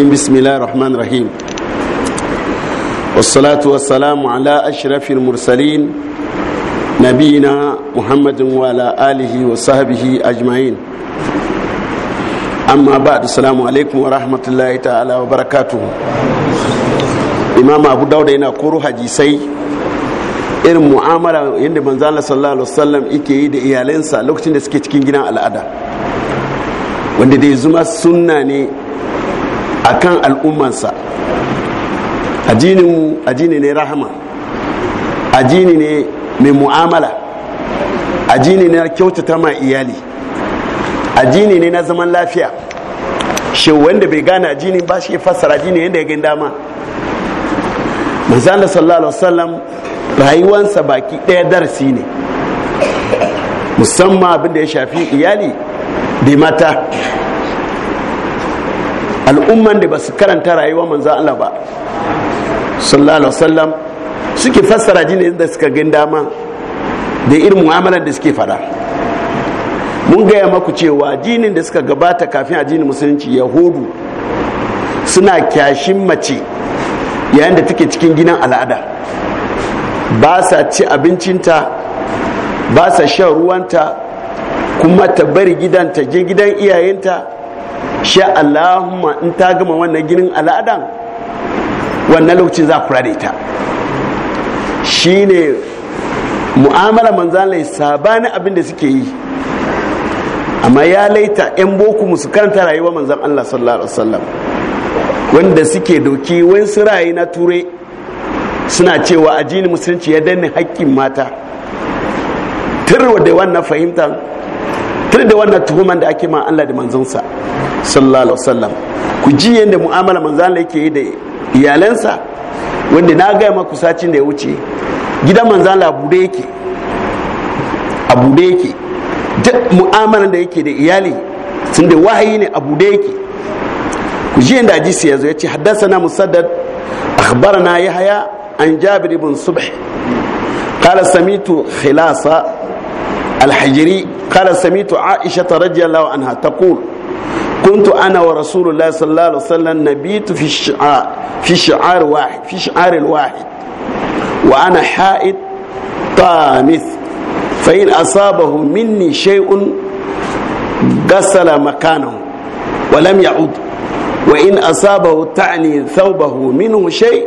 الرجيم بسم الله الرحمن الرحيم والصلاة والسلام على أشرف المرسلين نبينا محمد وعلى آله وصحبه أجمعين أما بعد السلام عليكم ورحمة الله تعالى وبركاته إمام أبو داود هنا كورو حديثي irin mu'amala yadda manzala sallallahu alaihi wasallam yake yi da iyalansa lokacin da suke cikin gidan al'ada wanda dai zuma sunna ne a kan al'ummansa ajini ne rahama ajini ne mai mu'amala ajini ne na kyautata ma iyali ajini ne na zaman lafiya shi wanda bai gane ajini ba shi fassara ajini yadda ya gani dama mazala sallallahu alaihi wasallam rayuwansa baki ɗaya darasi ne musamman abin da ya shafi iyali da mata al'umman da ba su karanta rayuwar manzan Allah ba sallallahu alaihi wasallam suke fassara jini da suka gan dama da irin mu'amalar da suke fada mun gaya maku cewa jinin da suka gabata kafin a jinin musulunci yahudu suna kyashin mace yayin da take cikin ginin al'ada ba sa ci abincinta ba sa shan ruwanta kuma ta bari gidanta je gidan iyayenta sha Allahumma in ta gama wannan ginin al'adan wannan lokacin za kula da ita ne mu'amala manzalai sabani abin da suke yi amma ya laita 'yan boko musu karanta rayuwa manzan Allah sallallahu alaihi wasallam wanda suke doki wani rayu na ture suna cewa ajini musulunci ya danne haƙƙin mata turwa da wannan fahimta tare da wannan tuhuman da ake ma Allah da manzonsa sallallahu alaihi wasallam ku ji yadda mu'amala manzon Allah yake yi da iyalansa wanda na gaya maku sacin da ya wuce gidan manzon Allah bude yake a bude yake duk mu'amalan da yake da iyali sun da wahayi ne a bude yake ku ji yadda hadisi yazo yace ya haddasa na musaddad akhbarana yahya an jabir ibn subh قال سميت خلاصه الحجري قال سميت عائشة رضي الله عنها تقول كنت أنا ورسول الله صلى الله عليه وسلم نبيت في الشعار في شعار واحد في شعار الواحد وأنا حائط طامث فإن أصابه مني شيء غسل مكانه ولم يعود وإن أصابه تعني ثوبه منه شيء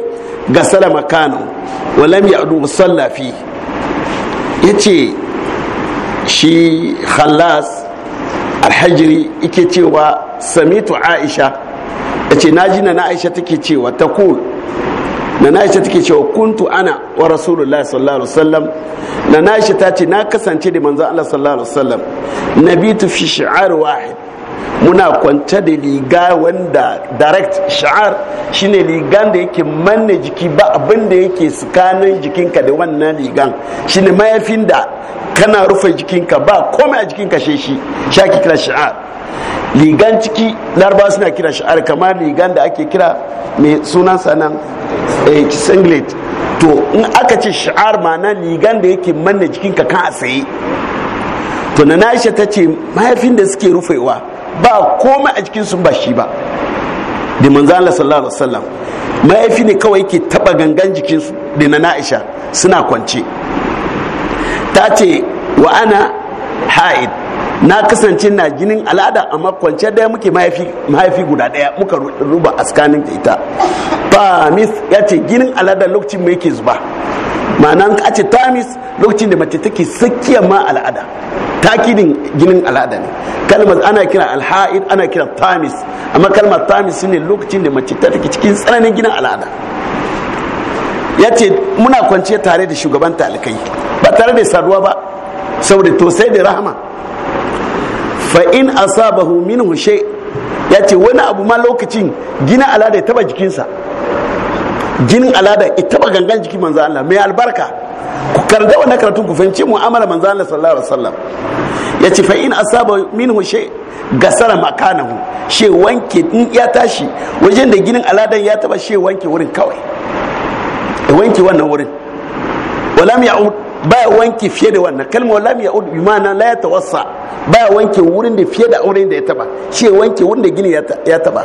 غسل مكانه ولم يعود وصلى فيه يتي shi khalas alhajiri ike cewa samitu aisha ya ce na ji na aisha take cewa ta kul na aisha take cewa kuntu ana wa rasulullahi sallallahu alaihi wasallam na aisha ta ce na kasance da manzon Allah sallallahu alaihi wasallam nabitu fi shi'ar wahid muna kwance da liga wanda direct sha'ar shine ligan da yake manne jiki ba abin da yake tsakanin jikinka da wannan ligan shine mayafin da kana rufe jikinka ba komai a jikinka shi shi shaki kira shi'ar ligan ciki larba suna kira shi'ar kamar ligan da ake kira mai sunan sanan eh, singlet to in aka ce shi'ar ma'ana ligan da yake manna jikinka kan a tsaye to na aisha ta ce mahaifin da suke rufewa ba komai a jikinsu ba shi ba da manzan Allah sallallahu alaihi wasallam mahaifi ne kawai ke taba gangan jikinsu da na aisha suna kwance ta ce wa ana ha'id na kasance na jinin al'ada amma kwance daya muke mahaifi guda daya muka ruba a tsakanin da ita tamis ya ce jinin al'ada lokacin mai ke zuba ma'ana a ce tamis lokacin da mace take sakiya ma al'ada takidin jinin al'ada ne kalmar ana kira alha'id ana kira tamis amma kalmar tamis ne lokacin da mace ta take cikin tsananin jinin al'ada ya ce muna kwanciya tare da shugaban talikai ba tare da saduwa ba saboda tosai da rahama fa in asabahu minhu shay ya ce wani abu ma lokacin gina alada ya taba jikinsa jinin alada ya taba gangan jiki manzo Allah mai albarka ku karda wannan karatun ku fahimci mu'amala manzo Allah sallallahu alaihi wasallam ya ce fa in asaba minhu shay gasara makanahu she wanke in ya tashi wajen da ginin aladan ya taba she wanke wurin kawai wanke wannan wurin walam ya'ud baya wanke fiye da wannan kalmar walam ya'ud bi ma'ana la ya tawassa baya wanke wurin da fiye da wurin da ya taba shi wanke wurin da gini ya taba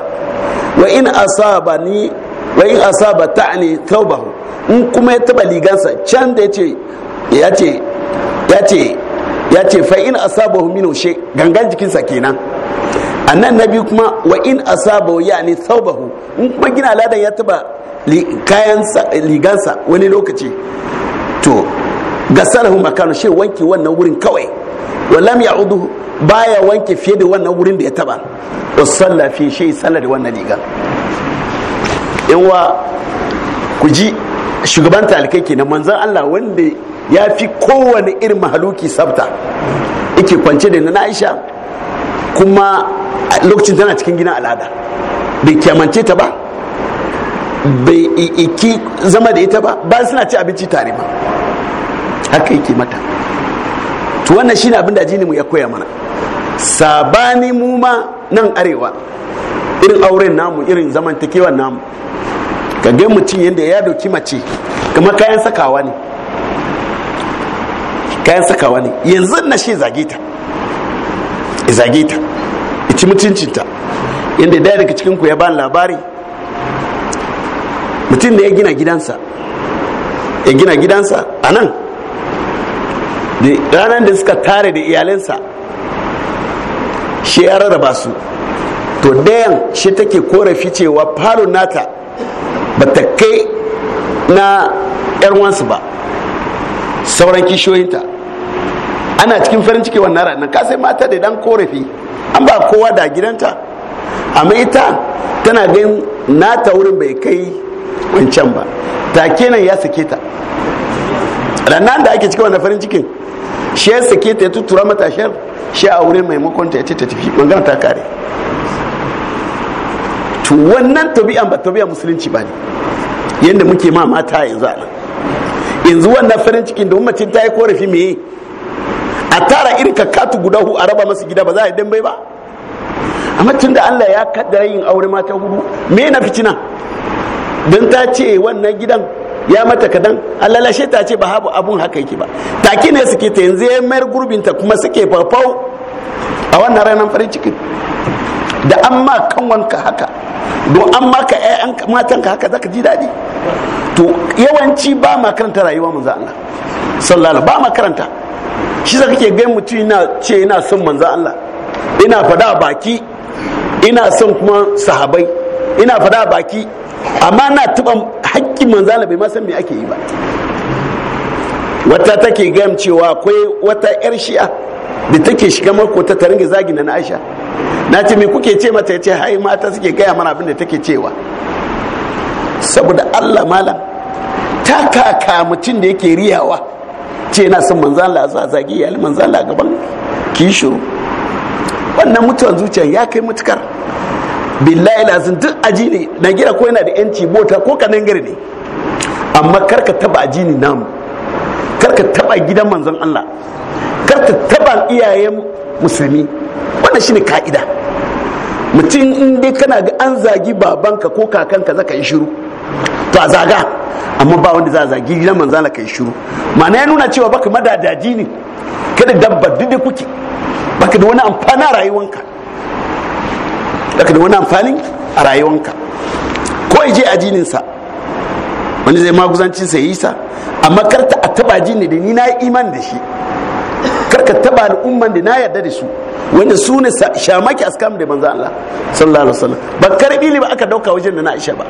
wa in asaba ni wa in asaba ta'ni thawbahu in kuma ya taba ligansa can da yace yace yace yace fa in asabahu minu shay gangan jikinsa kenan annan nabi kuma wa in asabahu yani thawbahu in kuma gina ladan ya taba kayansa ligansa wani lokaci to gasalahu makanu shi wanke wannan wurin kawai walam ya udu baya wanke fiye da wannan wurin da ya taba usalla fi shi sallar wannan liga yawa ku ji shugaban talikai kenan manzon Allah wanda ya fi kowane irin mahaluki sabta yake kwance da na Aisha kuma lokacin tana cikin gina al'ada bai kyamance ta ba bai iki zama da ita ba ban suna ci abinci tare ba haka yake mata to wannan shine abin da jini mu ya koya mana sabani mu ma nan arewa irin auren namu irin zamantakewa namu ka ga mutum yadda ya doki mace kamar kayan sakawa ne kayan sakawa ne yanzu na shi zage ta zage ta ici mutuncinta yadda daya daga cikin ku ya bani labari mutum da ya gina gidansa ya gina gidansa a nan ranar da suka tare da iyalinsa shi ya rarraba su to dayan shi take korafi cewa falo nata ba kai na yarwansu ba sauran kishiyoyinta ana cikin farin ciki wannan ranar ka sai mata da dan korafi an ba kowa da gidanta amma ita tana ganin nata wurin bai kai wancan ba ta kenan ya sake ta ranar da ake cikin wanda farin cikin shi ya sake ta ya tuttura matashiyar shi a wurin maimakon ta ya ce ta tafi magana ta kare to wannan tabi'an ba tabi'an musulunci ba ne yadda muke ma mata yanzu a nan yanzu wannan farin cikin da mamacin ta yi korafi meye. a tara irin kakatu guda hu a raba masu gida ba za a yi dambe ba amma tun da allah ya kaddara yin aure mata hudu me na fitina don ta ce wannan gidan ya mata kadan alalashe ta ce ba habu abun haka yake ba take ne suke ta yanzu ya mayar gurbinta kuma suke fafau a wannan ranar farin ciki da an ma kanwanka haka don an ma ka ƴaƴan matanka haka zaka ji daɗi to yawanci ba ma karanta rayuwa manzo Allah sallallahu ba ma karanta shi zaka kake ga mutum yana ce yana son manzo Allah ina fada baki ina son kuma sahabai ina fada baki amma na taba hakkin manzala bai ma san me ake yi ba wata take gam cewa akwai wata yar shi'a da take shiga makota ta taringa zagi na Aisha na ce me kuke ce mata ya ce hai mata suke gaya mana abin da take cewa saboda Allah malam ta kaka mutum da yake riyawa ce na son manzala a zagi yali manzala gaban ki wannan mutuwan zuciya ya kai mutukar billahi lazim duk na gina ko yana da yanci bota ko kanin gari ne amma karka taba ne namu karka taba gidan manzon allah karka taba iyayen musulmi wannan shine ka'ida mutum in dai kana ga an zagi babanka ko kakanka zaka yi shiru to a zaga amma ba wanda za a zagi gidan manzon allah ka yi shiru ma'ana ya nuna cewa baka madadaji ne kada dabba duk kuke baka da wani amfana rayuwanka daga da wani amfani a rayuwanka ko ya je ajininsa wani zai maguzancin sa yi sa amma karta a taba jini da ni na yi iman da shi karka taba al'umman da na yarda da su wanda su ne shamaki askam da manzan Allah sallallahu alaihi wasallam ba karbi ba aka dauka wajen da na isha ba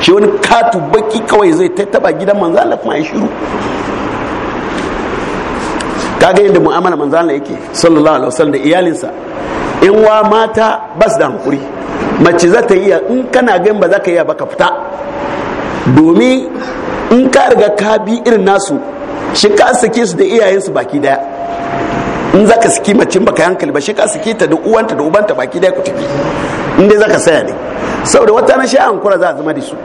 shi wani katu baki kawai zai taba gidan manzan Allah kuma ya shiru kaga yadda mu'amala manzan Allah yake sallallahu alaihi wasallam da iyalinsa in wa mata ba su da hankuri mace za ta iya in kana gan ba za ka iya ba ka fita domin in ka riga ka bi irin nasu shi ka sake su da iyayensu baki daya in za ka saki mace baka hankali ba shi ka sake ta da uwanta da ubanta baki daya ku tafi in dai za ka saya ne saboda wata na sha hankura za a zama da su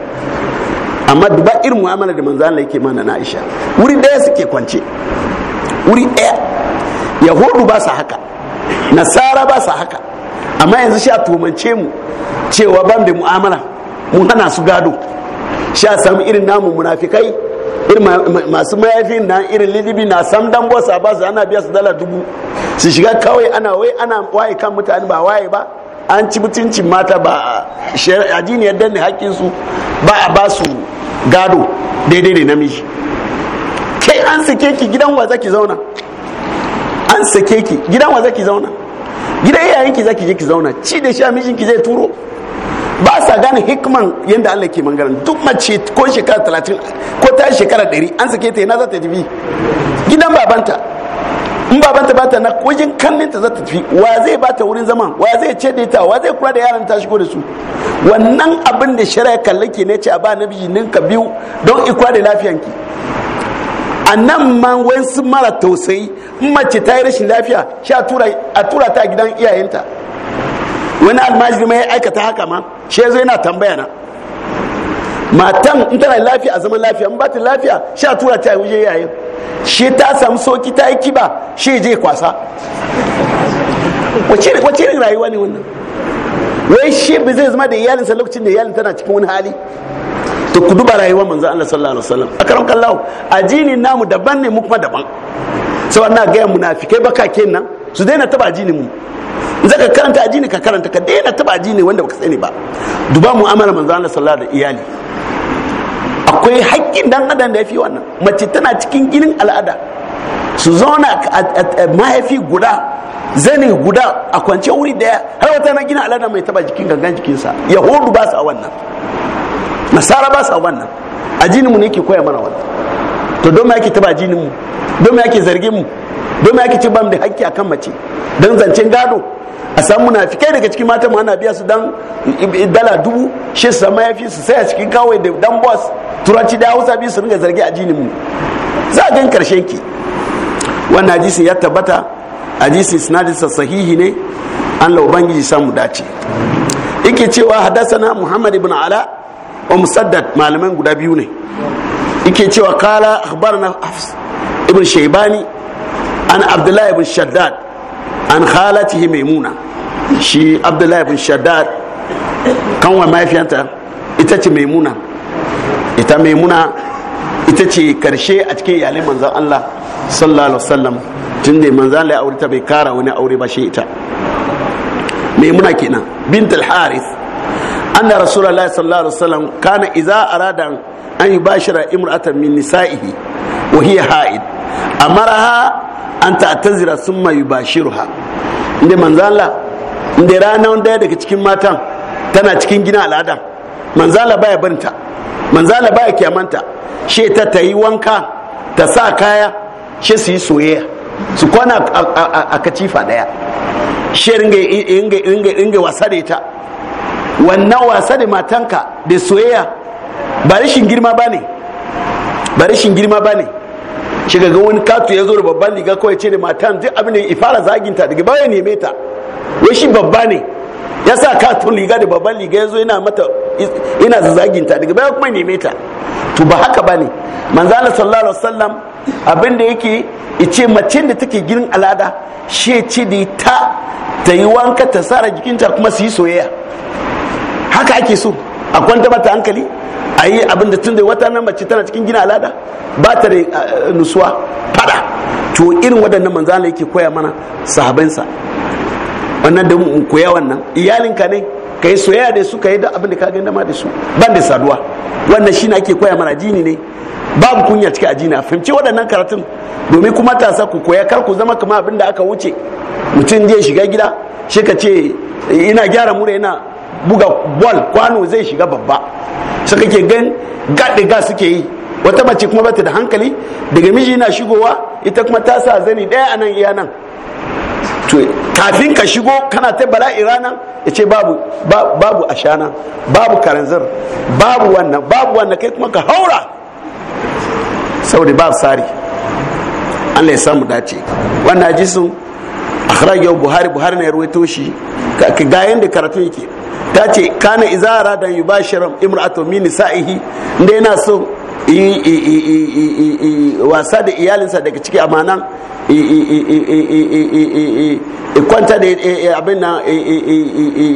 amma duba irin mu'amala da manzo Allah yake mana na Aisha wuri daya suke kwance wuri daya yahudu ba su haka nasara ba sa haka amma yanzu sha tumance mu cewa ban da mu'amala mun hana su gado sha samu irin namu munafikai irin masu mayafi na irin lilibi na sam dan bosa ba su ana biya su dala dubu su shiga kawai ana wai ana waye kan mutane ba waye ba an ci mutuncin mata ba addini ya danne hakkin ba a ba su gado daidai da namiji kai an sike ki gidan wa zaki zauna an sake ki gidan wa zaki zauna gidan iyayen ki zaki je ki zauna ci da sha mijin ki zai turo ba sa gane hikman yanda Allah ke mangana duk mace ko shekara 30 ko ta shekara 100 an sake ta yana za ta tafi gidan babanta in babanta ta na wajen kallon ta za ta tafi wa zai ta wurin zaman wa zai ce da ita wa zai kula da yaran ta shigo da su wannan abin da shari'a kallon ne ce a ba namiji ninka biyu don ikwa da lafiyanki a nan ma wasu mara tausayi mace ta yi rashin lafiya shi a tura ta gidan iyayenta wani almajiri mai aikata haka ma shi zai na tambaya na matan in tana lafiya a zaman lafiya in ba ta lafiya shi a tura ta waje yayin shi ta samu soki ta yi kiba shi je kwasa wace ne rayuwa ne wannan wai shi ba zai zama da iyalinsa lokacin da iyalin tana cikin wani hali to ku duba rayuwar manzo Allah sallallahu alaihi wasallam akram kallahu ajinin namu daban ne mu kuma daban sai wannan ga munafikai baka kenan su daina taba ajinin mu zaka karanta ajini ka karanta ka daina taba ajini wanda baka sani ba duba mu'amala manzo Allah sallallahu alaihi iyali akwai haƙƙin dan adam da yafi wannan mace tana cikin ginin al'ada su zauna mahaifi guda zani guda a kwance wuri daya har wata na gina al'ada mai taba jikin gangan jikinsa yahudu ba su a wannan nasara ba sa wannan ajinin mu ne ke koya mana wannan to don ake taba ajinin mu don ake mu don ake ci bam da hakki akan mace dan zancen gado a samu na fi kai daga cikin mata ana biya su dan dala dubu shi su sama fi su sai a cikin kawai da dan boss turanci da hausa biyu su ringa zargi ajinin mu za a gan karshen ki wannan hadisi ya tabbata hadisi sinadin sahihi ne an lauban samu dace yake cewa hadasana muhammad ibn ala wa umm musaddad malaman guda biyu ne yake cewa kala akhbarna hafs ibn shaybani an abdullah ibn shaddad an khalatihi maimuna shi abdullah ibn shaddad kanwa mahaifiyanta ita ce maimuna ita maimuna ita ce karshe a cikin iyalin manzon Allah sallallahu alaihi wasallam tun da manzan Allah ya aure ta bai kara wani aure ba shi ita maimuna kenan bint al-harith anna rasulullahi sallallahu alaihi wasallam kana idza arada an yubashira imra'atan min nisa'ihi wa hiya ha'id amaraha an ta'tazira summa yubashiruha inda manzala inda ranar daya daga cikin matan tana cikin gina al'ada manzala baya barinta manzala baya kyamanta she ta yi wanka ta sa kaya she su yi soyayya su kwana a kacifa daya she ringa wasa da ita wannan wasa da matanka da soyayya ba rashin girma ba ne ba rashin girma ba ne shi ga wani katu ya zo da babban liga kawai ce da matan duk abin da ya fara zaginta daga baya neme ta wai shi babba ne ya sa katu liga da babban liga ya zo yana mata yana zaginta daga baya kuma neme ta to ba haka ba ne manzana sallallahu alaihi wasallam abin da yake ice mace da take girin alada shi ce da ta ta yi wanka ta sara jikinta kuma su yi soyayya haka ake so a kwanta mata hankali a yi abin da tun da wata nan mace tana cikin gina alada ba ta da eh, nusuwa fada to irin waɗannan manzana yake koya mana sahabansa wannan da mu koya wannan iyalinka ne ka yi soyayya da su ka yi da abin da ka gani dama da su ban da saduwa wannan shine ake koya mana jini ne babu kunya cikin ajina a fahimci waɗannan karatun domin kuma ta sa ku koya kar ku zama kamar abin da aka wuce mutum zai shiga gida shi ka ce ina gyara mura yana buga bol kwano zai shiga babba su kake gan gaɗe ga suke yi wata mace kuma bata da hankali daga miji na shigowa ita kuma ta sa zani daya a nan iya nan kafin ka shigo kana ta bala'i ranar ya ce babu babu ashana babu karanzir babu wannan babu wannan kai kuma ka haura saboda babu sari allah ya samu dace wannan jisun ikhrajiyar buhari buhari na yarwaito shi ga yadda karatu yake ta ce kana izara da yi bashiram imra'atu min nisa'ihi inda yana so wasa da iyalinsa daga ciki amanan kwanta da abin nan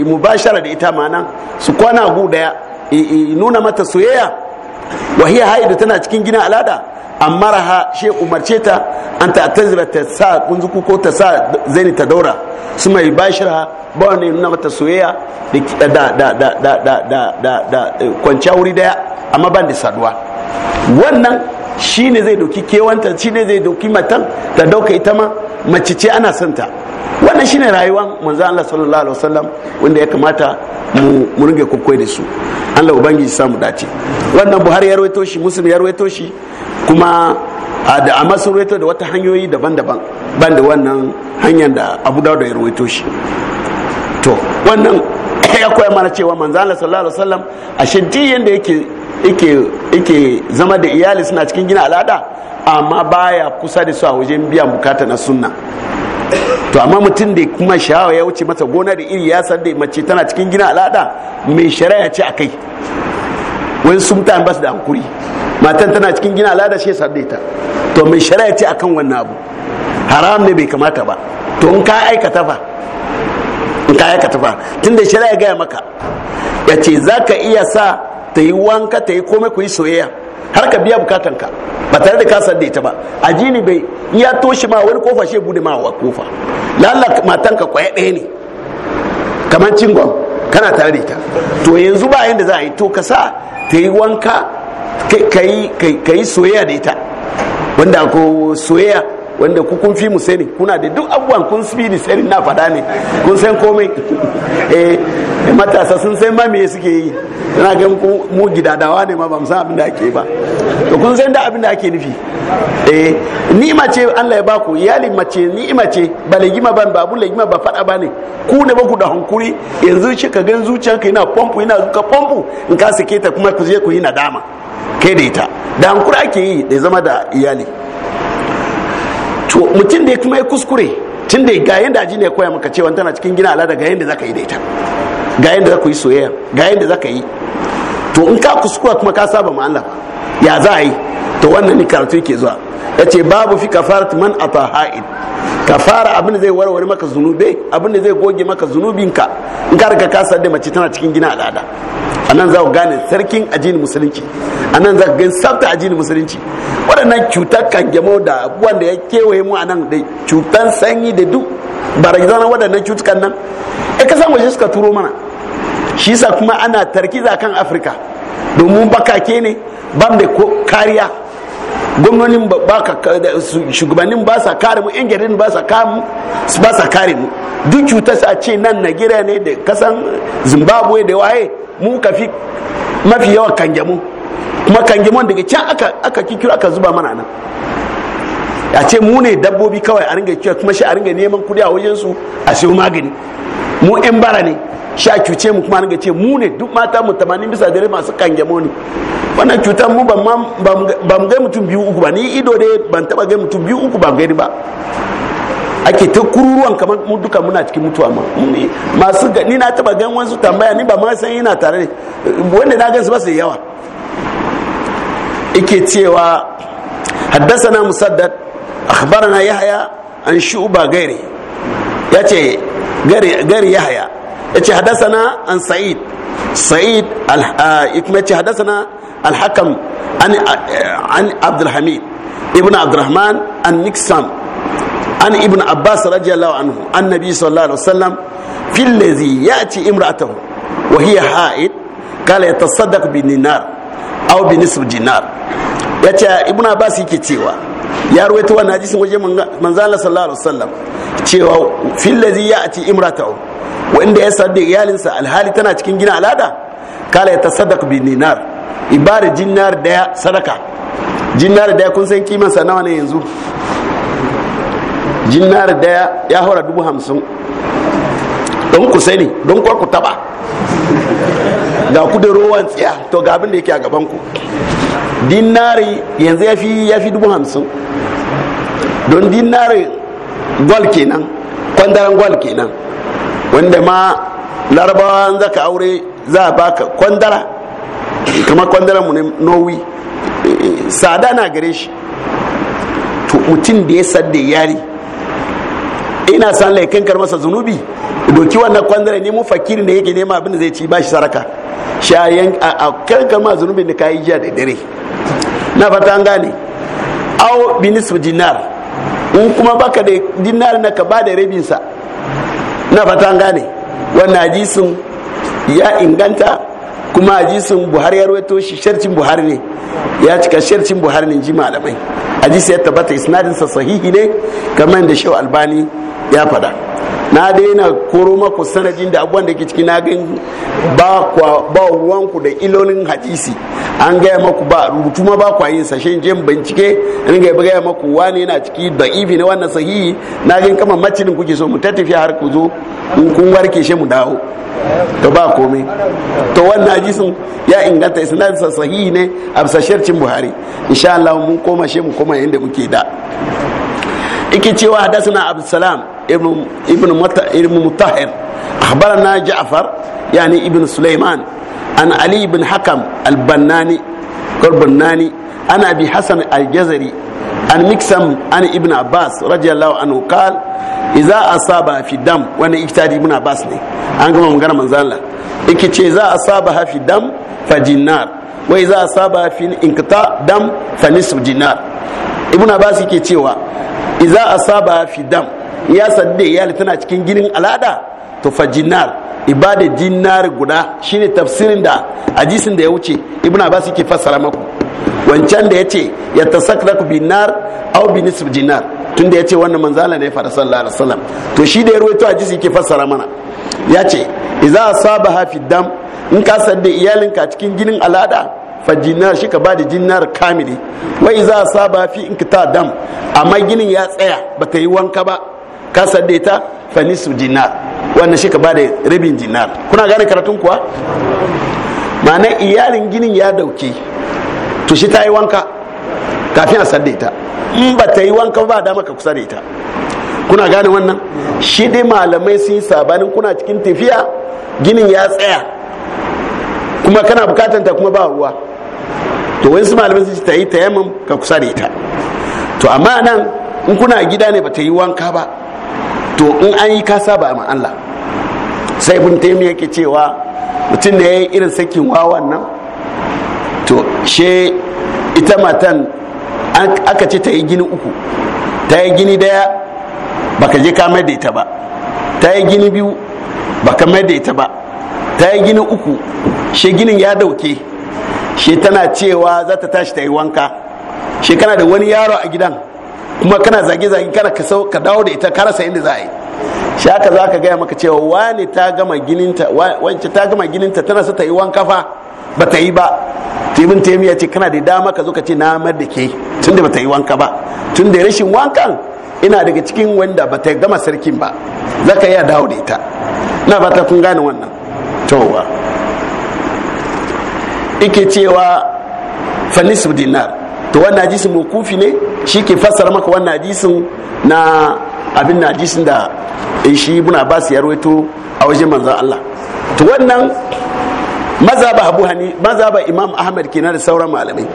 mubashara da ita amanan su kwana gu daya nuna mata soyayya wahiya haidu tana cikin gina alada amaraha shi umarce ta an ta tazira ta sa kunzuku ko ta sa zaini ta daura su mai bashira ba wani nuna mata soyayya da da da da da da da da kwanciya wuri daya amma ban da saduwa wannan shi ne zai doki kewanta shi ne zai doki matan ta dauka ita ma mace ce ana son ta wannan ne rayuwar manzo Allah sallallahu alaihi wasallam wanda ya kamata mu mu rige kokoi da su Allah ubangiji samu dace wannan Buhari ya rawaito shi Muslim ya rawaito shi kuma a masu ruwaito da wata hanyoyi daban-daban ban da wannan hanyar da abu da ya ruwaito shi to wannan ya koya mana cewa manzana sallallahu alaihi wasallam a shanti yadda yake yake zama da iyali suna cikin gina al'ada amma baya kusa da su a wajen biyan bukata na sunna to amma mutum da kuma shawa ya wuce masa gona da iri ya san da mace tana cikin gina al'ada mai shari'a ce a kai wani sun ta ba su da hankuri matan tana cikin gina al'ada shi ya ta to mai shari'a ce akan wannan abu haram ne bai kamata ba to in ka aikata fa in ka aikata fa tunda shari'a gaya maka ya ce za ka iya sa ta yi wanka ta yi komai ku yi soyayya har ka biya bukatan ka. ba tare da ka ta ba a jini bai ya toshi ma wani kofa shi bude ma wa kofa lalla matanka kwaya ɗaya ne kamar cingon kana tare ta to yanzu ba yanda za a yi to ka sa ta yi wanka ka yi soyayya da ita wanda ko soyayya wanda ku kun fi mu sani kuna da duk abubuwan kun fi ni sani na fada ne kun san komai eh matasa sun san ma me suke yi ina ga mu gidadawa ne ma ba mu san abin da ake ba to kun san da abin da ake nufi eh ma ce Allah ya ba ku iyali mace ma ce ba legima ban babu abu legima ba fada bane ku ne ba ku da hankuri yanzu shi ka gan ka ina pompu ina zuka pompu in ka sike ta kuma ku je ku yi nadama kai da ita da hankuri ake yi da zama da iyali to mutum da ya kuma ya kuskure tun da ga yadda ji ne koya maka cewa tana cikin gina alada ga za zaka yi da ita ga za zaka yi soyayya ga za zaka yi to in ka kuskura kuma ka saba ma Allah ya za a yi to wannan ne karatu yake zuwa yace babu fi kafarat man ata ha'id kafara abin da zai warware maka zunube abin da zai goge maka zunubinka in ka riga ka sadda mace tana cikin gina alada anan za ku gane sarkin ajini musulunci anan za ku gani sabta ajini musulunci waɗannan cutar gemo da abubuwan da ya kewaye mu anan da cutar sanyi da duk barazan waɗannan cutukan nan e kasan waje suka turo mana shi sa kuma ana tarkiza kan afirka domin bakake ne ban da kariya gwamnonin shugabannin ba sa kare mu yan jaririn ba sa kare mu duk cutar sa ce nan na gira ne da kasan zimbabwe da waye mu ka kafi mafi yawan kanjamu kuma kanjamon daga can aka aka kikiro aka zuba mana nan a ce mu ne dabbobi kawai a ringa kiyo kuma shi a ringa neman kudi a wajen su a sayo magani mu in bara ne shi a cuce mu kuma ringa ce mu ne duk mata mu tamanin bisa dare masu kanjamo ne wannan cutar mu ba mu ga mutum biyu uku ba ni ido dai ban taba ga mutum biyu uku ba gani ba ake ta kururuwan kamar mu duka muna cikin mutuwa ma masu gani na taba gan wasu tambaya ni ba ma san yana tare ne wanda na gansu ba su yawa ike cewa haddasana musaddad akhbarana yahya an shu'ba gairi yace gari gari yahya yace haddasana an sa'id sa'id al eh, yace haddasana al-hakam an eh, an abdul hamid ibn abdurrahman an niksam an ibn abbas radiyallahu anhu annabi sallallahu alaihi wasallam fil ladhi yati imra'atuhu wa hiya ha'id kala yatasaddaq bi dinar aw bi nisf dinar yace ibn abbas yake cewa ya ruwaito wannan hadisin waje manzo Allah sallallahu alaihi wasallam cewa fil ladhi yati imra'atuhu inda ya sadda iyalinsa alhali tana cikin gina alada kala yatasaddaq bi dinar ibar dinar daya sadaka dinar daya kun san kiman sa nawa ne yanzu jinnar daya ya hora dubu hamsin don ku sani don kwa ku taba ga ku da rowan tsiya to ga abin da yake a gaban ku dinari yanzu ya fi dubu hamsin don dinari gwal kenan kwandaran gwal kenan wanda ma larabawa an zaka aure za a baka kwandara kama kwandaran mu ne nowi sada na gare shi to mutum da ya sadda yari ina san laikin kar masa zunubi doki wannan kwandare ne mu fakiri ne yake nema abin da zai ci ba shi saraka shayan a karkar masa zunubi da yi jiya da dare na fata an gane au binisbu dinar in kuma baka da dinar na ka ba da rabinsa na fata an gane wannan hadisin ya inganta kuma hadisin buhari ya rawaito shi sharcin buhari ne ya cika sharcin buhari ne ji malamai hadisi ya tabbata isnadinsa sahihi ne kamar da shau albani ya fada na daina koro maku sanadin da abubuwan da ke ciki na gan ba ruwanku da ilolin hadisi an gaya maku ba rubutu ma ba kwa yin sashen jin bincike an gaya gaya maku wani yana ciki da ifi na wannan sahihi na gan kama macinin kuke so mu ta har ku zo in kun warke shi mu dawo to ba komai to wannan hadisin ya inganta isnadin sahihi ne a sashen sharcin buhari insha Allah mun koma shi mu koma yanda muke da yake cewa hadasana abdulsalam ibn mutahir akhbarana ja'far yani ibn sulaiman an ali ibn hakam al-bannani al-bannani an abi hasan al-jazari an miksam an ibn abbas radiyallahu anhu qal idza asaba fi dam wannan iktadi ibn abbas ne an gama magana manzo Allah yake ce za asaba fi dam fa jinnar wa idza asaba fi inqita dam fa nisfu jinnar ibn abbas ke cewa iza asaba fi dam ya sadde iyali tana cikin ginin alada to Fajinar, jinnar ibada jinnar guda shine tafsirin da hadisin da ya wuce ibn abbas yake fassara maku wancan da yace ya tasakraku nar aw bi nisb jinnar tunda yace wannan manzala ne fara sallallahu alaihi wasallam to shi da ya ruwaito hadisi yake fassara mana yace iza asaba fi dam in ka sadde iyalinka cikin ginin alada fajinar shi ka ba da jinnar kamili wai za a saba fi in ka ta dam amma ginin ya tsaya ba ta yi wanka ba ka saddaita fa su jinnar wannan shi ka ba da rabin jinnar kuna gane karatun kuwa ma'ana iyalin ginin ya dauke to shi ta yi wanka kafin a saddaita in ba ta yi wanka ba dama ka kusa da ita kuna gane wannan shi dai malamai sun yi sabanin kuna cikin tafiya ginin ya tsaya kuma kana bukatanta kuma ba ruwa to wani su malamai su ta yi tayammum ka kusa da ita to amma nan in kuna gida ne ba ta yi wanka ba to in an yi kasa ba ma Allah sai ibn taymiya yake cewa mutum da yayi irin sakin wawan nan to she ita matan aka ce ta yi gini uku ta yi gini daya baka je ka da ita ba ta yi gini biyu baka da ita ba ta yi gini uku she ginin ya dauke shi tana cewa za ta tashi ta yi wanka shi kana da wani yaro a gidan kuma kana zage-zage kana ka dawo da ita karasa inda za a yi shi haka za ka gaya maka cewa wani ta gama gininta wance ta gama gininta tana so ta yi wanka fa ba ta yi ba tibin taimiya ce kana da dama ka zo ka ce na mar da ke tun da ba ta yi wanka ba tun da rashin wankan ina daga cikin wanda ba ta gama sarkin ba za ka iya dawo da ita na ba ta kun gane wannan towa ike cewa fanisu dinar to wannan hadisin mukufi ne shi ke fassara maka wannan hadisin na abin na hadisin da shi ba su yaro to a wajen manzan Allah to wannan mazaba abu hani mazaba imam ahmad kenan da sauran malamai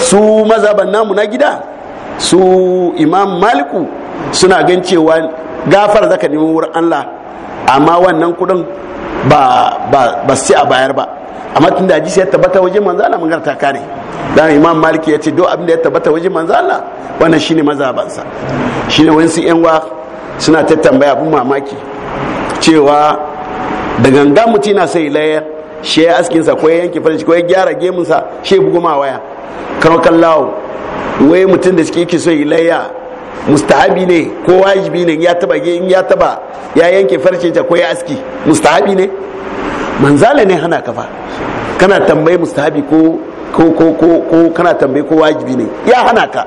su mazaban namu na gida su imam maliku suna gan cewa gafar zaka nemi wurin Allah amma wannan kudin ba ba ba sai a bayar ba amma tun da hadisi ya tabbata waje manzo Allah magana ta kare dan imam maliki ya ce do abin da ya tabbata waje manzo Allah wannan shine mazhaban sa shine wasu yan wa suna ta tambaya abun mamaki cewa da ganga muti na sai laye she askin sa ko ya yanke farin ko ya gyara gemun sa she bugu ma waya kan kallawo wai mutum da suke so ilayya layya mustahabi ne ko wajibi ne ya taba in ya taba ya yanke farcen ta ko ya aski mustahabi ne manzala ne hana kafa kana tambaye mustahabi ko ko ko ko ko kana tambaye ko wajibi ne ya hana ka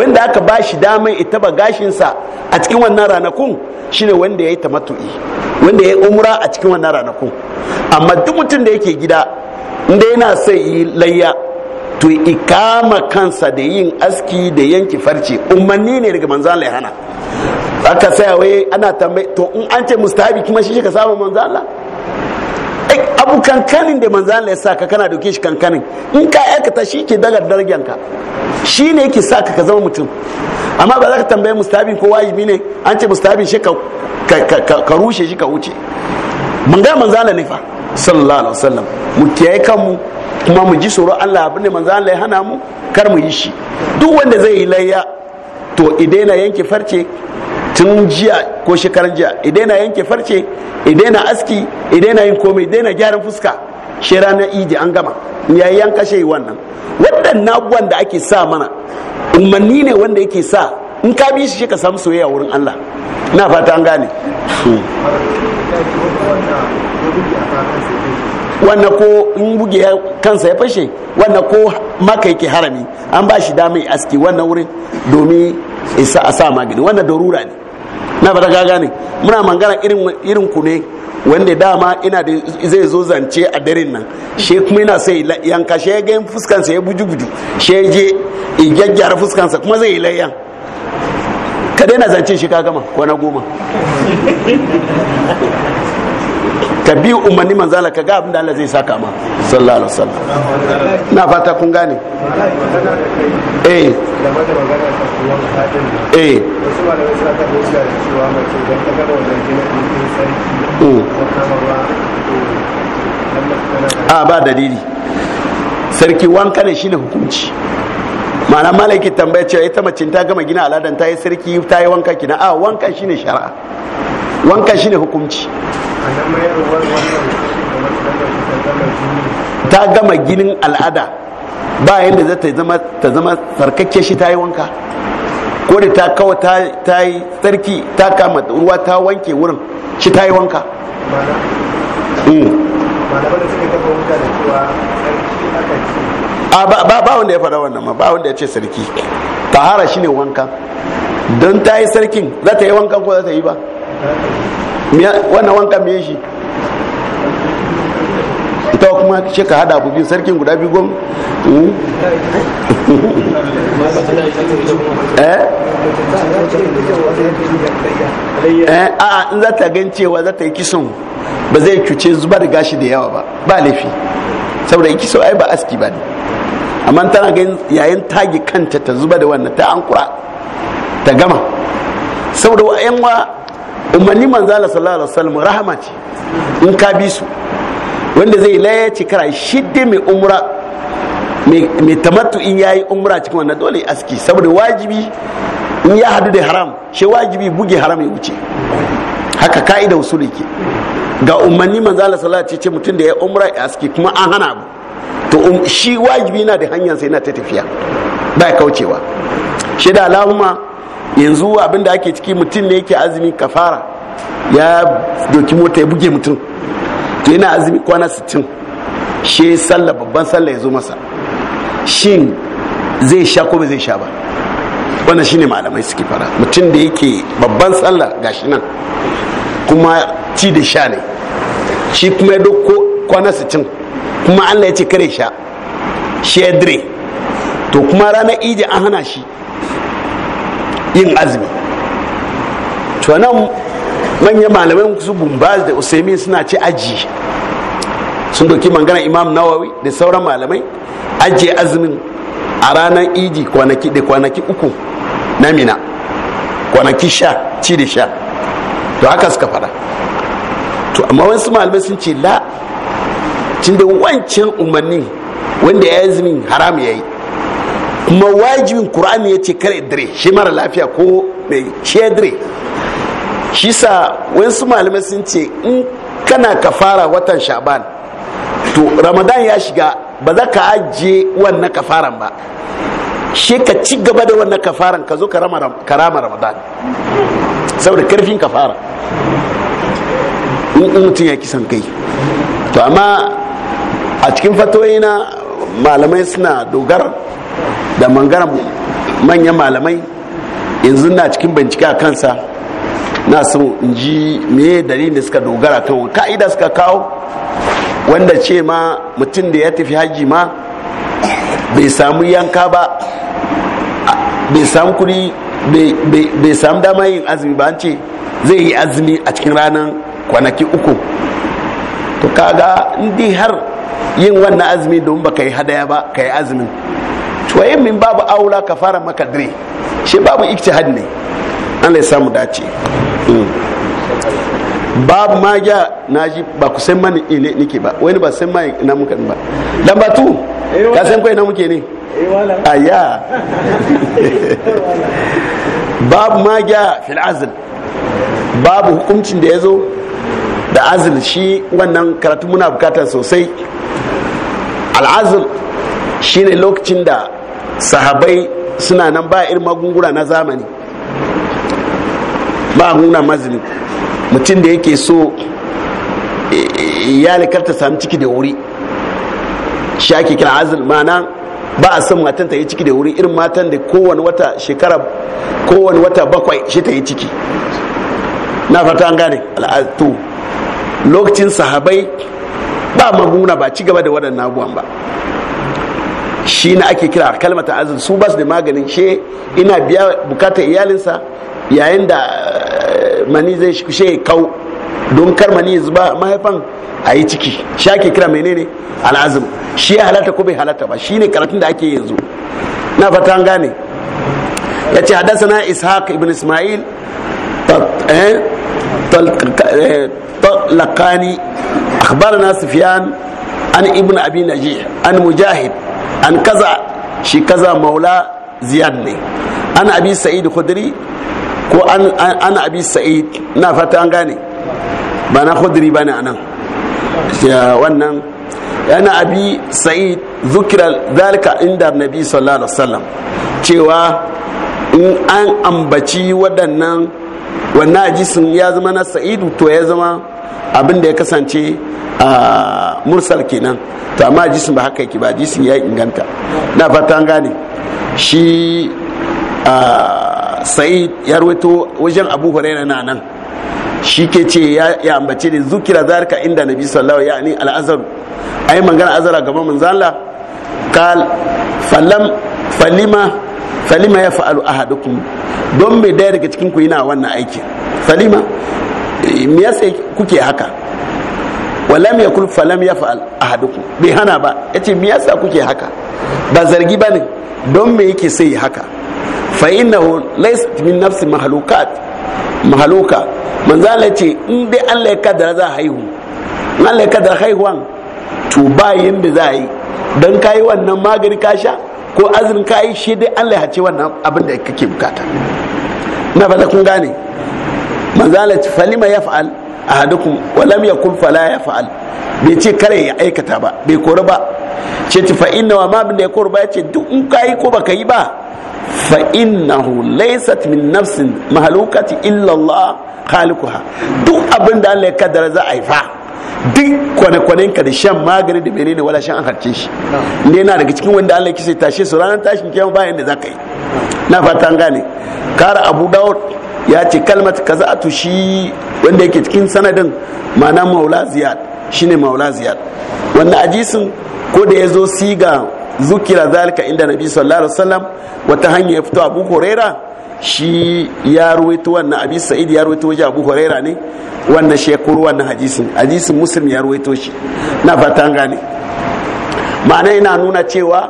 wanda aka ba shi damar ita ba gashinsa a cikin wannan ranakun shine wanda ya yi tamattu'i wanda ya yi umra a cikin wannan ranakun amma duk mutum da yake gida inda yana sai yi layya to ikama kansa da yin aski da yanki farce umarni ne daga manzan Allah hana aka saya waye ana tambaye to in an ce mustahabi kuma shi ka samu manzan Allah abu kankanin da manzo Allah ya saka kana dauke shi kankanin in ka aikata shi ke daga dargen ka shi ne yake saka ka zama mutum amma ba za ka tambaye mustabin ko wajibi ne an ce mustabin shi ka rushe shi ka wuce mun ga manzo Allah ne fa sallallahu alaihi wasallam mu kiyaye kanmu kuma mu ji tsoron Allah abin da manzo Allah ya hana mu kar mu yi shi duk wanda zai yi layya to idai na yanke farce tun jiya ko shekaran jiya idan na yanke farce idan na aski idan na yin komai idan na gyaran fuska shi ranar idi an gama yayi yan kashe wannan waɗannan abubuwan da ake sa mana umarni ne wanda yake sa in ka bi shi ka samu soyayya wurin Allah na fata an gane wannan ko in buge kansa ya fashe wannan ko maka yake harami an ba shi damai aski wannan wurin domin isa a sa magani wannan darura ne na fata gaga ne muna mangana irin ku ne wanda dama ina da zai zo zance a daren nan she kuma ina sai yanka she ya gayin fuskansa ya buju buju she je gyaggyara fuskansa kuma zai yi ka daina zance shi ka gama na goma ka bi umarni manzala ka ga abin da Allah zai saka ma sallallahu alaihi wasallam na fata kun gane eh eh hmm. a ah, ba dalili sarki wanka ne shine hukunci ma'ana malaki tambaya cewa ita macin ta gama gina aladan ta yi sarki ta yi wanka kina a ah, wanka shine shari'a wanka shine hukunci ta gama ginin al'ada ba yadda za ta zama sarkakke shi ta yi wanka ko da ta kawo ta yi tsarki ta kama ruwa ta wanke wurin shi ta yi wanka mm. ba wanda ya fara wannan ma ba wanda ya ce sarki tahara shine wanka don ta yi sarkin za ta yi wankan ko za ta yi ba wannan wanka me shi ita kuma ce ka hada abu biyu sarkin guda biyu gom hmm? eh? Eh, a'a in za ta gan cewa za ta yi kisan ba zai cuce zuba da gashi da yawa ba ba laifi saboda yi kisan ai ba aski ba ne amma tana gan yayin tagi kanta ta zuba da wannan ta an kura ta gama saboda wa'yan wa umarni manzala sallallahu alaihi wasallam rahama ce in ka bi su wanda zai laye cikara shidde mai umra mai tamattu in ya yi umra cikin wannan dole aski saboda wajibi in ya hadu da haram shi wajibi buge haram ya wuce haka ka'ida da ke ga umarni manzala sallallahu alaihi ce mutum da ya umra ya aski kuma an hana abu to um, shi wajibi na da hanyar sai na ta tafiya ba ya kaucewa shi da alahuma yanzu abin da ake ciki mutum ne yake azumi kafara ya doki mota ya buge mutum to yana azumi kwana 60 shi sallah babban sallah ya zo masa shin zai sha ko ba zai sha ba wannan shine malamai suke fara mutum da yake babban sallah gashi nan kuma ci da sha ne shi kuma ya doko kwana 60 kuma allah ya ce kare sha shi ya dire to kuma ranar ije an hana shi yin azumi to nan manya malamai su bumbaz da usaimin suna ce aji sun doki magana imam nawawi da sauran malamai ajiye azumin a ranar idi kwanaki da kwanaki uku na mina kwanaki sha ci da sha to haka suka fada to amma wasu malamai sun ce la cin da wancan umarnin wanda ya yi azumin haram ya yi kuma wajibin qur'ani ya ce kare dire shi mara lafiya ko mai ce dire shi sa wasu malamai sun ce in kana ka fara watan sha'ban to ramadan ya shiga ba za ka ajiye wannan kafaran ba shi ka ci gaba da wannan kafaran ka zo ka rama ramadan saboda karfin kafara in mutum ya kisan kai to amma a cikin fatoyi na malamai suna dogara da mangaran manyan malamai yanzu na cikin bincike a kansa na son in ji meye dalilin da suka dogara kan ka'ida suka kawo wanda ce ma mutum da ya tafi haji ma bai samu yanka ba bai samu kuri bai samu dama yin azumi ba an ce zai yi azumi a cikin ranar kwanaki uku to kaga ndi har yin wannan azumi don baka yi hadaya ba ka yi azumin waye min babu aula ka fara maka dire shi babu ijtihad ne an lai samu dace mm. babu ma ja ji ba ku san mani ile nike ba wani ba san mai na muka ba ba tu eh, ka san kai na muke ne eh, aya babu ma ja fil azl babu hukuncin da yazo da azl shi wannan karatu muna bukatar sosai azl shine lokacin da sahabai suna nan ba irin magunguna na zamani ba nuna mazini mutum da yake so ya ta sami ciki da wuri shi ake kira azil mana ba a son matan ta yi ciki da wuri irin matan da kowane wata shekara kowane wata bakwai shi ta yi ciki na fata an gane al'adu lokacin sahabai ba magunguna ba ci gaba da waɗannan abuwan ba shi na ake kira kalmata azin su ba su da maganin she ina biya bukatar iyalinsa yayin da eh, mani zai shi kushe kau don kar mani zuba mahaifan a yi ciki shi ake kira menene al'azim shi ya halatta ko bai halatta ba shi ne karatun da ake yanzu na fata an gane ya ce na ishaq ibn ismail طلقاني أخبرنا سفيان an Ibn Abin najih an Mujahid. an kaza shi kaza maula ziyad ne an abi sa'id khudri ko an abi sa'id na fata an gane ba na khudri ba ne anan wannan yana abi sa'id zukira dalika inda nabi sallallahu alaihi wasallam cewa in an ambaci waɗannan wannan ajisun ya zama na sa'idu to ya zama abin da ya kasance mursal kenan to amma jisun ba haka yake ba jisun ya inganta na fata an gane shi sai ya rawaito wajen abu huraira na nan shi ke ce ya ambace da zukira zarka inda nabi sallallahu ya ni al'azaru a yi magana azara gaban manzala kal falam falima falima ya fa'alu ahadukum don mai daya daga cikin ku yana wannan aikin falima eh, me yasa kuke haka walam ya kul falam ya yaf'al ahadukum bai hana ba yace me yasa kuke haka ba zargi bane don me yake sai haka fa innahu laysa min nafsi mahlukat mahaluka manzala ce in dai Allah ya kaddara za a haihu in Allah ya kaddara haihuwan to ba yanda za a yi dan kai wannan magani ka sha ko azumin ka yi shi dai Allah ya hace wannan abin da kake bukata na fata kun gane manzala ce falima ya fa'al ahadukum wa lam yakun fala fa'al bai ce kare ya aikata ba bai kori ba ce fa inna wa ma bin ya kori ba ce duk in yi ko baka yi ba fa laysat min nafsin mahalukati illa Allah khaliquha duk abin da Allah ya kaddara za a yi fa duk kwane-kwanen ka da shan magani da menene wala shan harcin shi ne na daga cikin wanda Allah ya kisa tashe su ranar tashin kiyama bayan da za ka yi na fata an gane kara abu dawud ya ce kalmat kaza'atu shi wanda yake cikin sanadin ma'ana maula ziyad shine maula ziyad wannan ajisin ko da ya zo siga zukira zalika inda nabi sallallahu alaihi wasallam wata hanya ya fito abu horera shi ya ruwaito wannan abi sa'id ya ruwaito wajen abu horera ne wannan shekuru wannan hadisin hadisin muslim ya ruwaito shi na fata gane ma'ana yana nuna cewa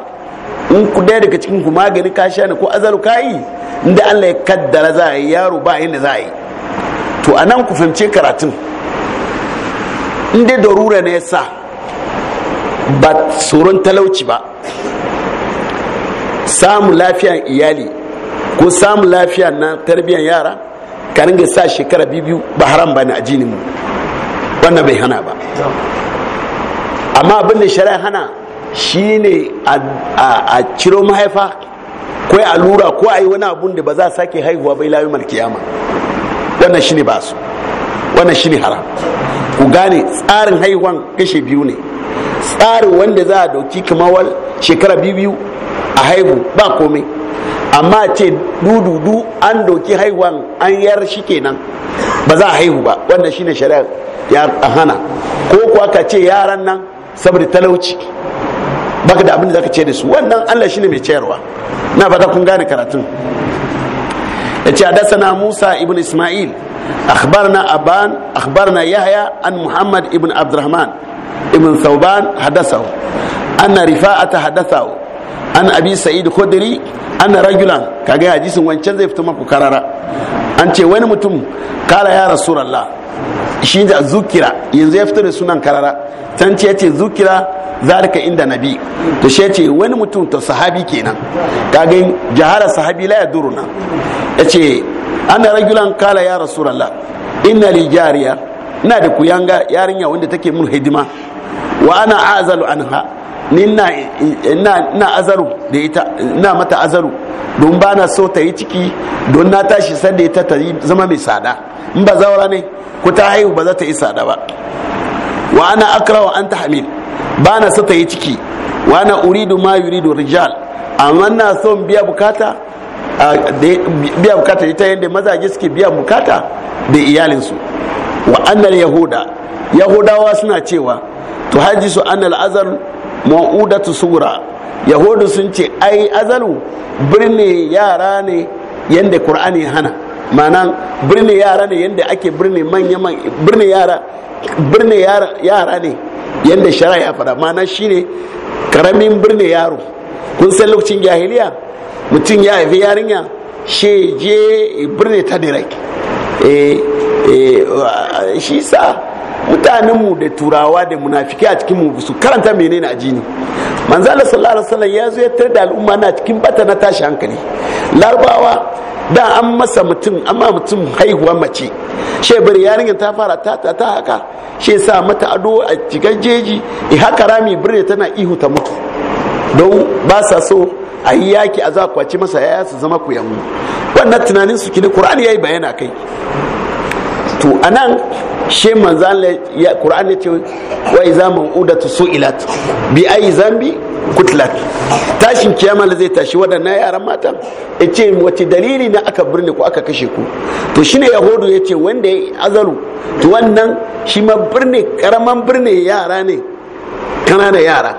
in ku daya daga cikin ku magani ka sha ne ko azalu ka yi inda Allah ya kaddara za a yi yaro ba yadda za a yi to a nan ku fahimce karatun inda darura ne ya sa ba tsoron talauci ba samun lafiyan iyali ko samun lafiya na tarbiyan yara ka ringa sa shekara biyu ba haram ba ne a jinin mu wannan bai hana ba amma abin da shari'a hana shi shine a ciro mahaifa ko ya alura, ko a yi wani abun da ba za a sake haihuwa bai layu malkiyama wannan shine ba su wannan shine haram ku gane tsarin haihuwan kashe biyu ne tsarin wanda za a dauki kamawal shekara biyu biyu a haihu ba komai amma ce dududu an dauki haihuwan an yar shi kenan ba za a haihu ba wannan shine shari'a ya hana ko kuwa ka ce yaran nan saboda talauci baka da abin da zaka ce da su wannan Allah shine mai ciyarwa na ba kun gane karatun ya ce hadasana musa ibn ismail akhbarna aban akhbarna yahya an muhammad ibn abdurrahman ibn na rifa a rifa'ata hadasau an abi sa'id khudri anna rajulan kaga hadisin wancan zai fito maku karara an ce wani mutum kala ya rasu shi da zukira yanzu ya fito da sunan karara ce ya ce zukira zalika inda nabi to shi ce wani mutum ta sahabi kenan kaga jahara sahabi la yaduruna yace ana rajulan kala ya rasulullah inna li jariya ina da kuyanga yarinya wanda take mun hidima wa ana azalu anha ni ina ina azaru da ita ina mata azaru don ba na so ta yi ciki don na tashi sanda ita ta zama mai sada in ba zaura ne ku ta haihu ba za ta yi sada ba wa ana akrawa anta hamil ba na sata yi ciki wa na uridu ma Uridu rijal amma na son biya bukata biya bukata ita yadda mazaje suke biya bukata da iyalinsu wa annal yahuda yahudawa suna cewa to haji su annal azal ma'udatu sura yahudu sun ce ai azalu birni yara ne yadda qur'ani hana ma'ana birni yara ne yadda ake birni manya birni yara birni yara ne yadda shari'a ya faɗa mana shine karamin birni yaro kun san lokacin jahiliya mutum ya haifi yarinya she je birni ta direk eh, eh, shi sa mutanenmu da turawa da munafiki a cikin su karanta menene a jini manzala Allah sallallahu alaihi wasallam ya zo ya tarda da al'umma na cikin bata na tashi hankali larbawa. da an masa mutum amma mutum haihuwa mace she bari yarinyar ta fara ta ta ta haka she sa mata ado a cikin jeji i haka rami birni tana ihu ta mutu don ba sa so a yi yaki a za kwaci masa yaya su zama ku yammu wannan tunanin su kini qur'ani yayi bayana kai to anan za manzan ya Kur'an ya ce wa iza so su'ilat bi ayi zambi kutlat tashin kiyama da zai tashi waɗannan yaran mata ya ce wace dalili na aka birni ko aka kashe ku to shine yahudu ya ce wanda ya azalu to wannan shi ma birni karaman birni yara ne da yara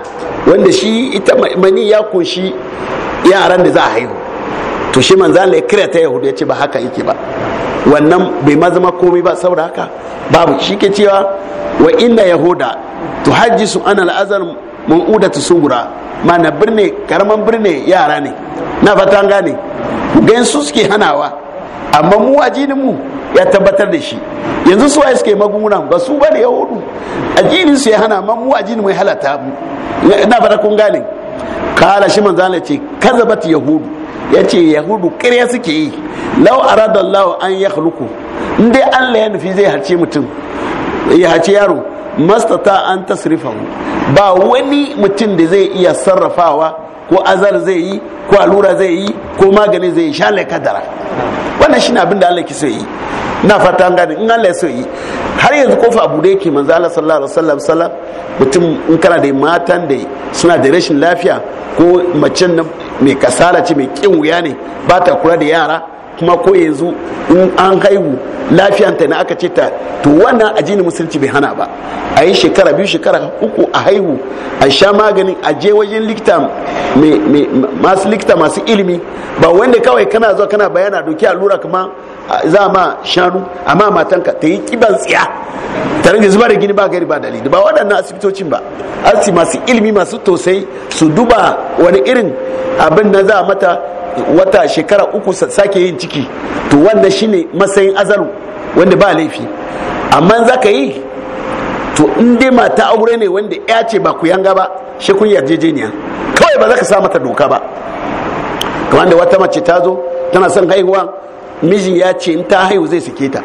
wanda shi ita mani ya kunshi yaran da za a haihu to shi manzo Allah ya kira ta yahudu ya ce ba haka yake ba wannan bai ma komai ba saboda haka babu shi ke cewa wa inna yahuda la'azar ana al'azar mun'uda sungura. mana birne karaman birne yara ne na fatan gane gan su suke hanawa amma mu ajinin mu ya tabbatar da shi yanzu su waye suke magunguna ba su bane yahudu ajinin su ya hana amma mu ajinin mu ya halata Na ina fata kun gane kala shi manzo Allah ce kazabat yahudu ya ce yahudu ƙirya suke yi lau aradallahu an ya huluku in dai allah ya nufi zai harce mutum ya harce yaro mastata an tasrifahu ba wani mutum da zai iya sarrafawa ko azar zai yi ko alura zai yi ko magani zai yi shalai kadara wannan shi abin da Allah ke so yi na fata an gani in Allah ya so yi har yanzu kofa abu da yake manzo Allah sallallahu alaihi sallam mutum in kana da matan da suna da rashin lafiya ko macen mai kasala ce mai kin wuya ne ba ta kula da yara kuma ko yanzu in an haihu lafiyanta ne aka ce ta to wannan ajini musulunci bai hana ba a yi shekara biyu shekara uku a haihu a sha maganin a je wajen likita masu likita masu ilimi ba wanda kawai kana zuwa kana bayana doki allura kuma za ma shanu amma matanka ta yi kiban tsiya tare da zuba da gini ba gari ba dalili ba waɗannan asibitocin ba asibiti masu ilimi masu tosai su duba wani irin abin na za mata wata shekara uku sake yin ciki to wanda shine matsayin azalu wanda ba laifi amma za ka yi to in dai mata aure ne wanda ya ce ba ku yanga ba shi kun yarjejeniya kawai ba za ka sa mata doka ba to wanda wata mace ta zo tana son haihuwa mijin ya ce in ta haihu zai sike ta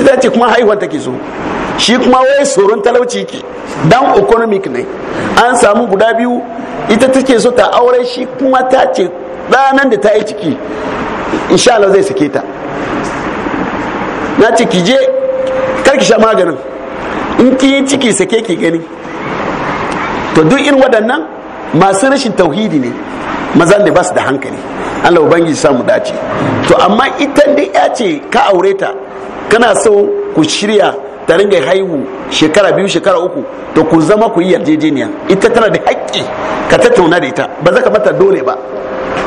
ita ta ce kuma haihuwa take so shi kuma wai tsoron talauci ke dan economic ne an samu guda biyu ita take so ta aure shi kuma ta ce ɗanan da ta yi ciki insha Allah zai sake ta na ce ki je karki sha maganin in ki yi ciki sake ki gani to duk irin waɗannan masu rashin tauhidi ne mazan da ba su da hankali Allah ubangiji samu dace to amma ita dai ya ce ka aure ta kana so ku shirya ta ringa haihu shekara biyu shekara uku to ku zama ku yi yarjejeniya ita tana da haƙƙi ka tattauna da ita ba za ka mata dole ba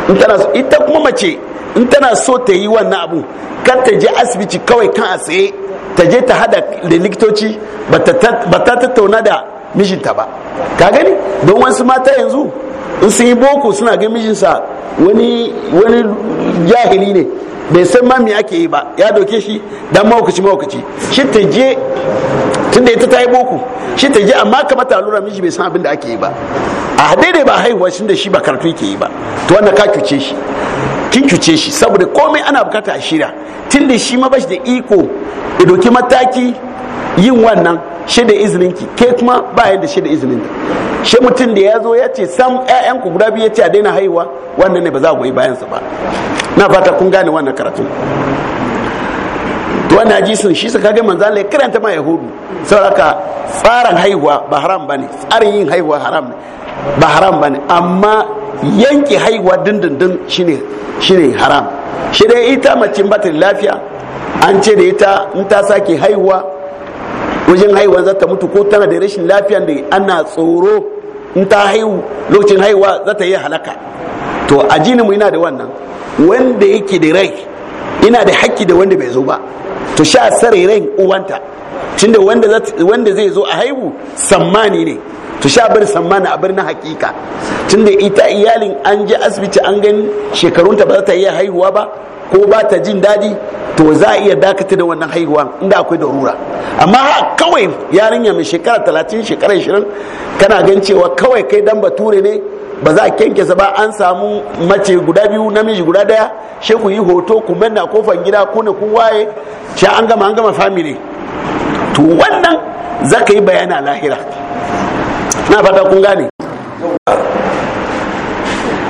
in ita kuma mace in tana so ta yi wannan abu kar ta je asibiti kawai kan a tsaye ta je ta hada da likitoci ba ta tattauna da mijinta ba ka gani don wasu mata yanzu in sun yi boko suna ga mijinsa wani wani jahili ne bai san ma me ake yi ba ya doke shi dan mawukaci mawukaci shi ta je da ita ta yi boko shi ta je amma kamar ta lura miji bai san abin da ake yi ba a daidai ba haihuwa shi da shi ba karatu yake yi ba to wannan ka cuce shi kin cuce shi saboda komai ana bukata a shira tun da shi ma ba shi da iko ya doki mataki yin wannan shi da ki ke kuma ba yadda shi da izininta shi mutum da ya zo ya ce sam ƴaƴan ku guda biyu ya ce a daina haihuwa wannan ne ba za a goyi bayansa ba na fata kun gane wannan karatu to wannan sun shi su kage manzo Allah karanta ma yahudu saboda tsarin haihuwa ba haram bane tsarin yin haihuwa haram ne ba haram bane amma yanke haihuwa dindindin shine shine haram shi dai ita mace ba ta lafiya an ce da ita in ta sake haihuwa wajen haihuwa zata mutu ko tana da rashin lafiya da ana tsoro in ta haihu lokacin haihuwa zata ta yi halaka to a mu ina da wannan wanda yake da rai ina da haƙƙi da wanda bai zo ba to sha sare rai uwanta tunda wanda zai zo a haihu tsammani ne to sha bar sammana a bar na hakika tunda ita iyalin an je asibiti an gani shekarunta ba za ta iya haihuwa ba ko ba ta jin daɗi to za a iya dakata da wannan haihuwa inda akwai rura amma ha kawai yarinya mai shekara talatin shekara ishirin kana gan cewa kawai kai dan bature ne ba za a kyankyasa ba an samu mace guda biyu namiji guda daya shi ku yi hoto ku manna kofan gida ku ne kun waye sha an gama an gama family to wannan za ka yi bayana lahira na fata kun gane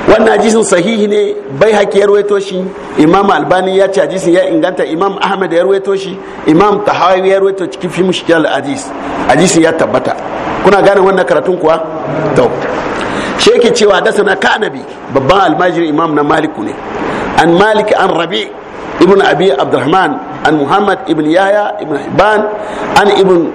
wannan hadisin sahihi ne bai haƙi ya ruwaito shi imam albani ya ce hadisin ya inganta imam ahmad ya ruwaito shi imam tahawi ya ruwaito cikin fi mushkil hadis hadisin ya tabbata kuna gane wannan karatun kuwa to shi yake cewa da sana kanabi babban almajiri imam na maliku ne an malik an rabi ibn abi abdurrahman an muhammad ibn yahya ibn hibban an ibn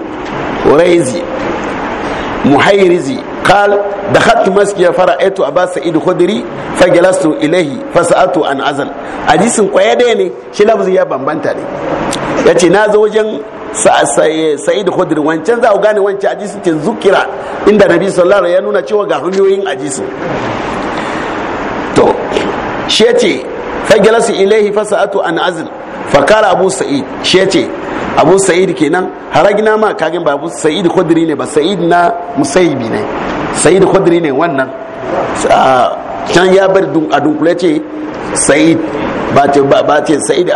muhairizi قال دخلت مسجد فرأيت أبا سعيد خدري فجلست إليه فسألت عن عزل حديث قوي ده ne shi lafzi ya bambanta ne yace na zo wajen saidu khudri wancan za a gane wancan hadisi cin zukira inda nabi sallallahu alaihi ya nuna cewa ga hanyoyin hadisi to shi yace fa jalasu ilaihi fa sa'atu an azal fa qala abu sa'id shi ce. abu sa'id kenan haragina ma kagin ba abu sa'id khudri ne ba sa'id na musaibi ne sa'id khudri ne wannan can ya bar a dunkule ce sa'id ba ce ba ce sa'id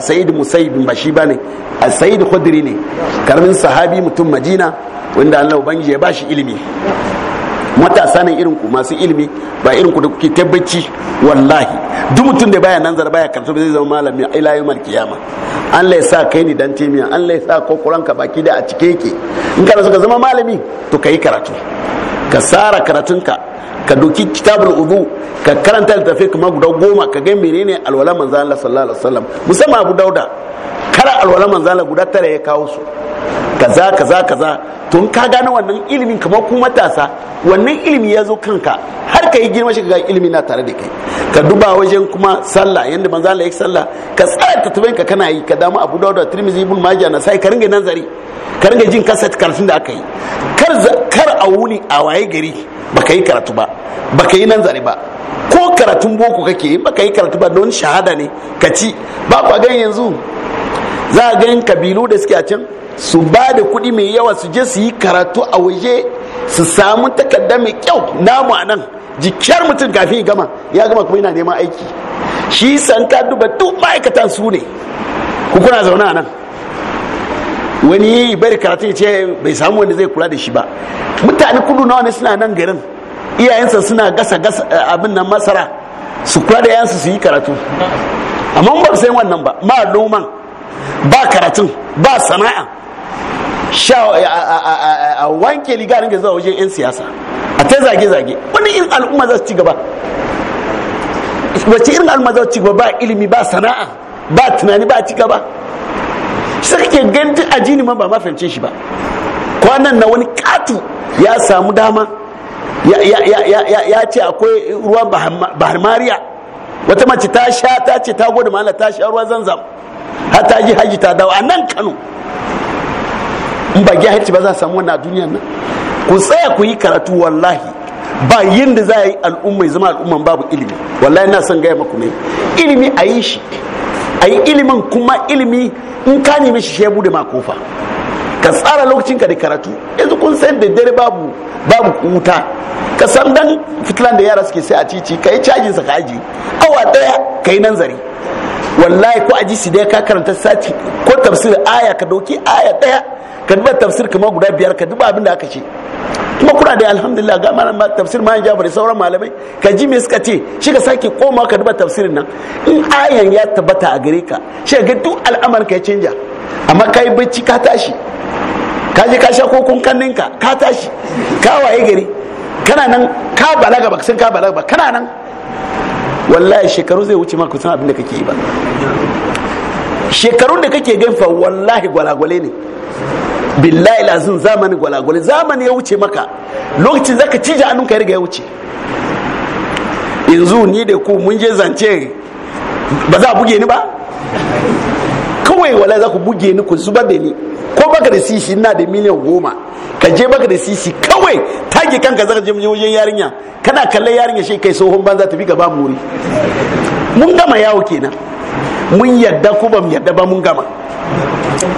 sa'id musaibi ba shi ba ne a sa'id khudri ne karamin sahabi mutum madina wanda Allah ubangiji ya bashi ilimi matasa ne irin ku masu ilimi ba irin ku da kuke tabbaci wallahi duk mutum da baya nan zarba ya karatu zai zama malami ila yawmal kiyama Allah ya sa kai ni dan temiya Allah ya sa kokoran ka baki da a cike yake in ka suka zama malami to kai karatu ka sara karatun ka ka doki kitabul udu ka karanta tafi kuma guda goma ka ga menene alwala manzo Allah sallallahu alaihi wasallam musamman Abu Dauda kara alwala manzo Allah guda tara ya kawo su kaza kaza kaza tun ka gane wannan ilimin kamar ku matasa wannan ilimi ya zo kanka har ka yi girma shi ga ilimi na tare da kai ka duba wajen kuma sallah yanda manzo Allah ya sallah ka tsara tattabin ka kana yi ka damu Abu Dawud da Tirmidhi ibn Majah na sai ka ringa nazari ka ringa jin kaset karatun da aka yi kar kar a wuni a waye gari baka yi karatu ba baka yi nazari ba ko karatun boko kake yi baka yi karatu ba don shahada ne ka ci ba ka ga yanzu za a ga kabilu da suke a can su ba da kuɗi mai yawa su je su yi karatu a waje su samu takarda mai kyau namu a nan jikiyar mutum kafin ya gama ya gama kuma yana neman aiki shi san ka duba duk ma'aikatan su ne kuna zaune a nan wani bari karatu ya ce bai samu wanda zai kula da shi ba mutane kudu nawa ne suna nan garin iyayensa suna gasa gasa eh, abin nan masara su kula da yansu su yi karatu amma ba su wannan ba ma noman ba karatun ba sana'a a wanke liga ringa zuwa wajen 'yan siyasa a ta zage-zage wani irin al'umma za su ci gaba wace irin al'umma za su ci gaba ba ilimi ba sana'a ba tunani ba ci gaba shi kake ganin ajini ma ba ma fahimce shi ba kwanan na wani katu ya samu dama ya ce akwai ruwan bahar mariya wata mace ta sha ta ce ta gode ma Allah ta sha ruwa zanzam har ta ji haji ta dawo a nan Kano in ba jahilci ba za a samu wannan a duniyan nan ku tsaya ku yi karatu wallahi ba da za a yi al'umma zama al'umman babu ilimi wallahi na son gaya maku ne ilimi a yi shi a yi ilimin kuma ilimi in ka nemi shi shebu da makofa ka tsara lokacin ka da karatu yanzu kun san da dare babu babu wuta ka san dan fitilan da yara suke sai a cici ka yi cajin sa ka aji awa daya ka yi nan zari wallahi ko aji su dai ka karanta sati ko tafsir aya ka doki aya daya ka duba tafsir kuma guda biyar ka duba abin da aka ce kuma kuna da alhamdulillah ga ma tafsir ma jabari sauran malamai ka ji me suka ce shi ka sake koma ka duba tafsirin nan in ayan ya tabbata a gare ka shi ga duk al'amar ka ya canja amma kai bacci ka tashi ka je ka sha kokon kanninka ka tashi ka waye gari kana nan ka balaga ba san ka balaga ba kana nan wallahi shekaru zai wuce maka san abin da kake yi ba shekarun da kake ganfa wallahi gwalagwale ne billahi lazim zamanin gwalagwale zamani ya wuce maka lokacin zaka cije hannun ka riga ya wuce yanzu ni da ku mun je zance ba za a buge ni ba kawai wala za ku buge ni ku zubar da ni ko baka da sishi ina da miliyan goma ka je baka da sishi kawai tage kanka zaka je wajen yarinya kana kalle yarinya shi kai tsohon banza tafi gaba muri mun gama yawo kenan mun yadda ko ba mu yadda ba mun gama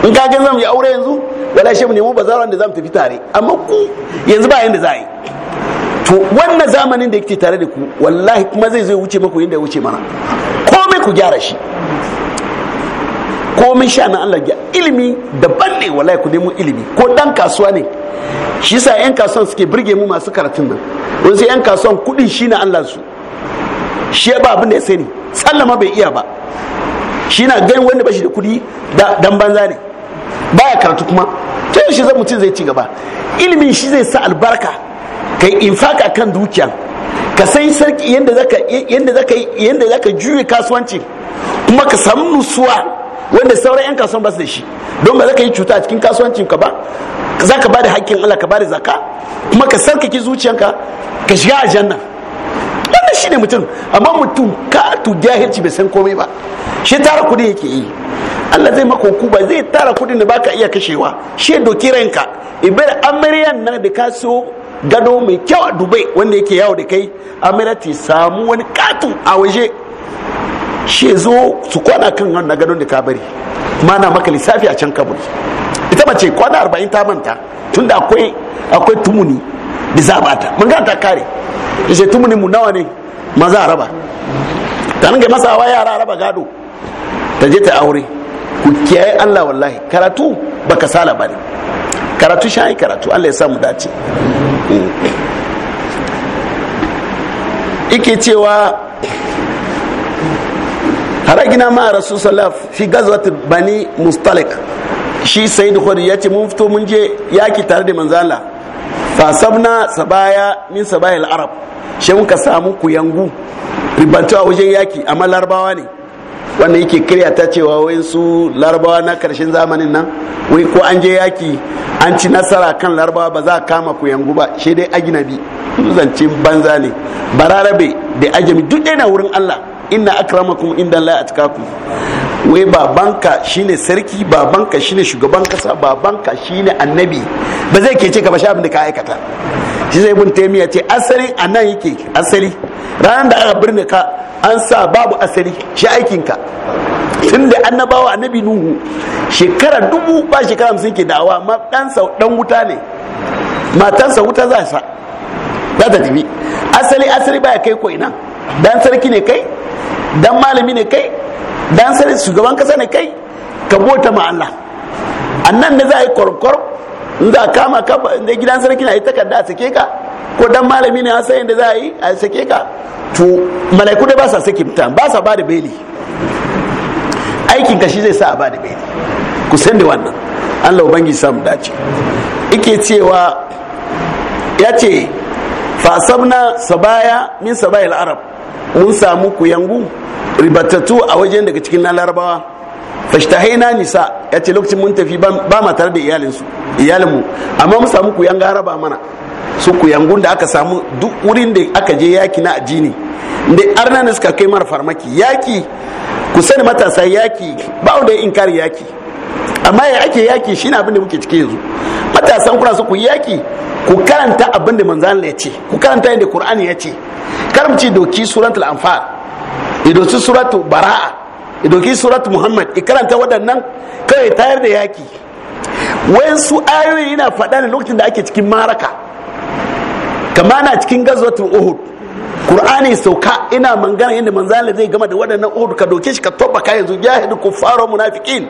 in ka ga zan yi aure yanzu wala shi mu nemo bazaran da zamu tafi tare amma ku yanzu ba yanda za a yi to wannan zamanin da yake tare da ku wallahi kuma zai zai wuce maku yanda ya wuce mana komai ku gyara shi komai sha na Allah ya ilimi daban ne wallahi ku nemo ilimi ko dan kasuwa ne shi yasa yan kasuwan suke burge mu masu karatun nan wani sai yan kasuwan kudin shi na Allah su shi ba abin da ya sani sallama bai iya ba shi na ganin wanda bashi da kudi dan banza ne baya karatu kuma tun shi zai mutum zai ci gaba ilimin shi zai sa albarka ka yi infaka kan dukiya ka sai sarki yadda zaka juye kasuwanci kuma ka samu nutsuwa wanda sauran 'yan kasuwan ba su da shi don ba za ka yi cuta a cikin kasuwancin ka ba za ka ba da hakkin Allah ka ba da zaka kuma ka sarkake zuciyanka ka shiga aljanna wannan shi ne mutum amma mutum ka tu jahilci bai san komai ba shi tara kudi yake yi Allah zai maka hukuma zai tara kudin da baka iya kashewa she doki ranka ibar amaryan nan da ka so gado mai kyau a dubai wanda yake yawo da kai amirati samu wani katon a waje she zo su kwana kan wannan gadon da ka bari mana maka lissafi a can kaburi ita mace kwana arba'in ta manta tunda akwai akwai tumuni da zabata mun ga ta kare yace tumuni mu nawa ne maza raba ta nan masa wa yara raba gado ta je ta aure ku kiyaye Allah wallahi karatu ba kasala ba karatu shi karatu Allah ya samu dace ike cewa haragina ma rasu salaf fi gazwat bani mustalik shi sai da ya ce mun fito mun je yaki tare da manzala fasabna sabaya min sabaya arab shi muka samu ku yangu ribantawa wajen yaki amma larabawa ne wannan yake ta cewa wai su larabawa na karshen zamanin nan wai ko an je yaki an ci nasara kan larabawa ba za a kama ku yangu ba shi dai aginabi zancen banza ne bararabe da ajami duk ɗaya na wurin allah inna akramakum inda la atkaku wai babanka shine sarki babanka shine shugaban kasa babanka shine annabi ba zai ke ce ka ba sha abin da ka aikata shi zai bin taimiya ce asali a nan yake asali ranar da aka birni ka an sa babu asali shi aikinka tunda annabawa annabi nuhu shekara dubu ba shekara hamsin ke dawa ma sau dan wuta ne matansa wuta za sa za ta tafi asali asali baya kai ko ina dan sarki ne kai dan malami ne kai dan sarki shugaban kasa ne kai ka bota ma Allah annan da za a yi kwarkwar in za a kama ka gidan sarki na yi takarda a sake ka ko dan malami ne an san yadda za a yi a sake ka to malaiku dai ba sa sake mutan ba sa ba da beli aikin kashi zai sa a ba da beli ku san wannan Allah ubangi samu dace ike cewa ya ce fasabna sabaya min sabayil arab mun samu ku yangu ribatattu a wajen daga cikin larabawa fashtahaina nisa ya ce lokacin mun tafi ba ma tare da iyalinsu iyalinmu amma mu samu kuyan gara ba mana su kuyangun da aka samu duk wurin da aka je yaki na ajini da arna ne suka kai mara farmaki yaki ku sani matasa yaki ba wanda ya inkari yaki amma ya ake yaki shine abin da muke cike yanzu matasan kuna su ku yaki ku karanta abin da manzan ya ce ku karanta yadda qur'ani ya ce karamci doki suratul anfal idoci suratul bara'a idoki surat muhammad ya karanta waɗannan kawai tayar da yaki wayansu ayoyi yana faɗa ne lokacin da ake cikin maraka kama na cikin gazwatul uhud qur'ani sauka ina mangana yadda manzala zai gama da waɗannan uhud ka doke shi ka tobba ka yanzu jahil kuffar munafiqin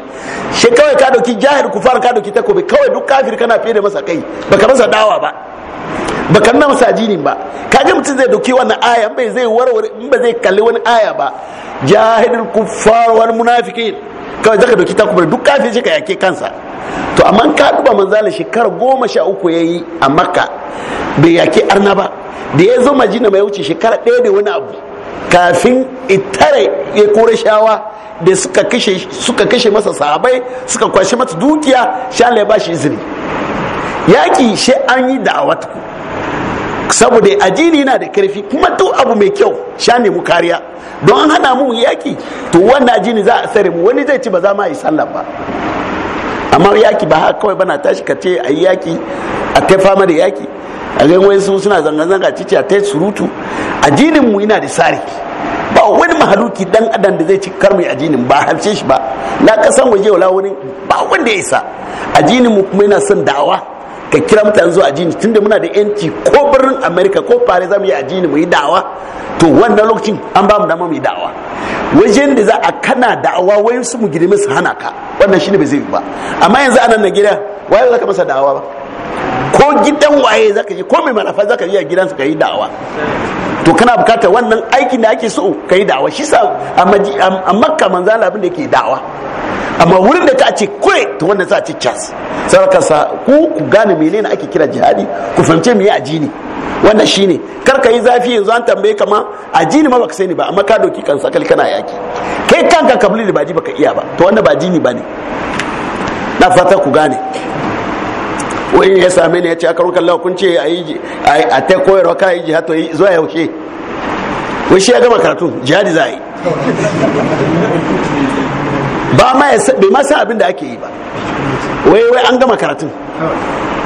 shi kawai ka doki jahil kuffar ka doki takobi kawai duk kafir kana fiye da masa kai baka masa dawa ba baka nuna masa jinin ba kaje mutum zai doki wannan aya bai zai warware in ba zai kalli wani aya ba jahidul kuffar wal munafiqin kawai zaka doki ta takubar duk kafin shi ka yake kansa to amma ka duba manzala shekara goma sha uku ya yi a makka bai yake arna ba da ya zo majina mai wuce shekara ɗaya da wani abu kafin itare ya kore shawa da suka kashe suka kashe masa sahabai suka kwashe masa dukiya sha ya ba shi izini yaki shi an yi da'awatku saboda addini yana da karfi kuma duk abu mai kyau sha mu kariya don an hana mu yaki to wannan addini za a tsare mu wani zai ci ba za ma yi sallah ba amma yaki ba haka kawai bana tashi ka ce a yi yaki a ta fama da yaki a ga wani su suna zanga-zanga cici a ta surutu ajinin mu yana da sari ba wani mahaluki dan adam da zai ci karmi addinin ba halce shi ba na kasan waje wala wani ba wanda ya isa addinin mu kuma yana son da'awa ka kira mutane zuwa tun tunda muna da yanci ko birnin america ko fare za mu yi ajini mu yi dawa to wannan lokacin an ba mu dama mu yi dawa wajen da za a kana dawa wayan su mu girme su hana ka wannan shine ba zai yi ba amma yanzu a nan na gida waye za ka masa dawa ba ko gidan waye za ka yi ko mai marafa za ka yi a gidansa ka yi dawa to kana bukatar wannan aikin da ake so ka yi dawa shi sa a makka manzala abin da yake dawa. amma wurin da ta ce kure ta wanda za a ce cas saraka sa ku ku gane menene ake kira jihadi ku fahimce me ajini wannan shine kar ka yi zafi yanzu an tambaye kama ajini ma baka sani ba amma ka doki kan sakali kana yaki kai kanka kabli da baji baka iya ba to wanda ba jini bane na fata ku gane wani ya same ni ya ce aka ruka Allah kun ce a ta koyarwa ka yi jihad to zuwa yaushe wai shi ya gama karatu jihadi za a yi ba ma ya bai ma san abin da ake yi ba wai wai an gama karatun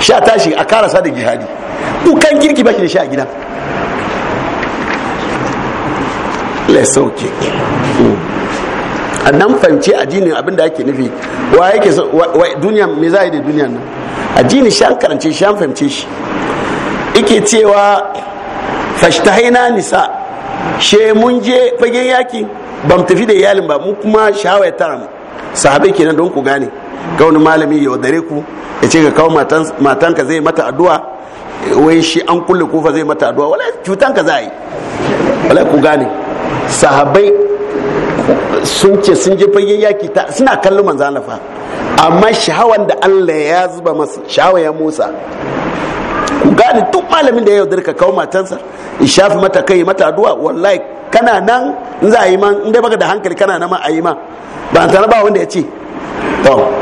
sha tashi a karasa da jihadi ukan girki baki da sha a gida lai sauke a nan fahimci addinin abin da ake nufi wa yake duniya mai za a yi da duniya nan addini shan karance shan fahimce shi ike cewa fashtahina nisa she mun je fagen yaki ban tafi da iyalin ba mu kuma shawaya tara mu sahabai kenan don ku gane ga wani malami ya wadare ku ya ce ka kawo matanka zai mata addu'a wai shi an kulle kofa zai mata addu'a wala cutanka za a yi wala ku gane sahabai sun ce sun je fagen yaki ta suna kallon manzo Allah fa amma shahawan da Allah ya zuba masa shahawa ya Musa ku gane duk malamin da ya yaudar ka kawo matansa in shafi mata kai mata addu'a wallahi kana nan in za a yi ma in dai baka da hankali kana nan ma a yi ma ba an ba wanda ya ce to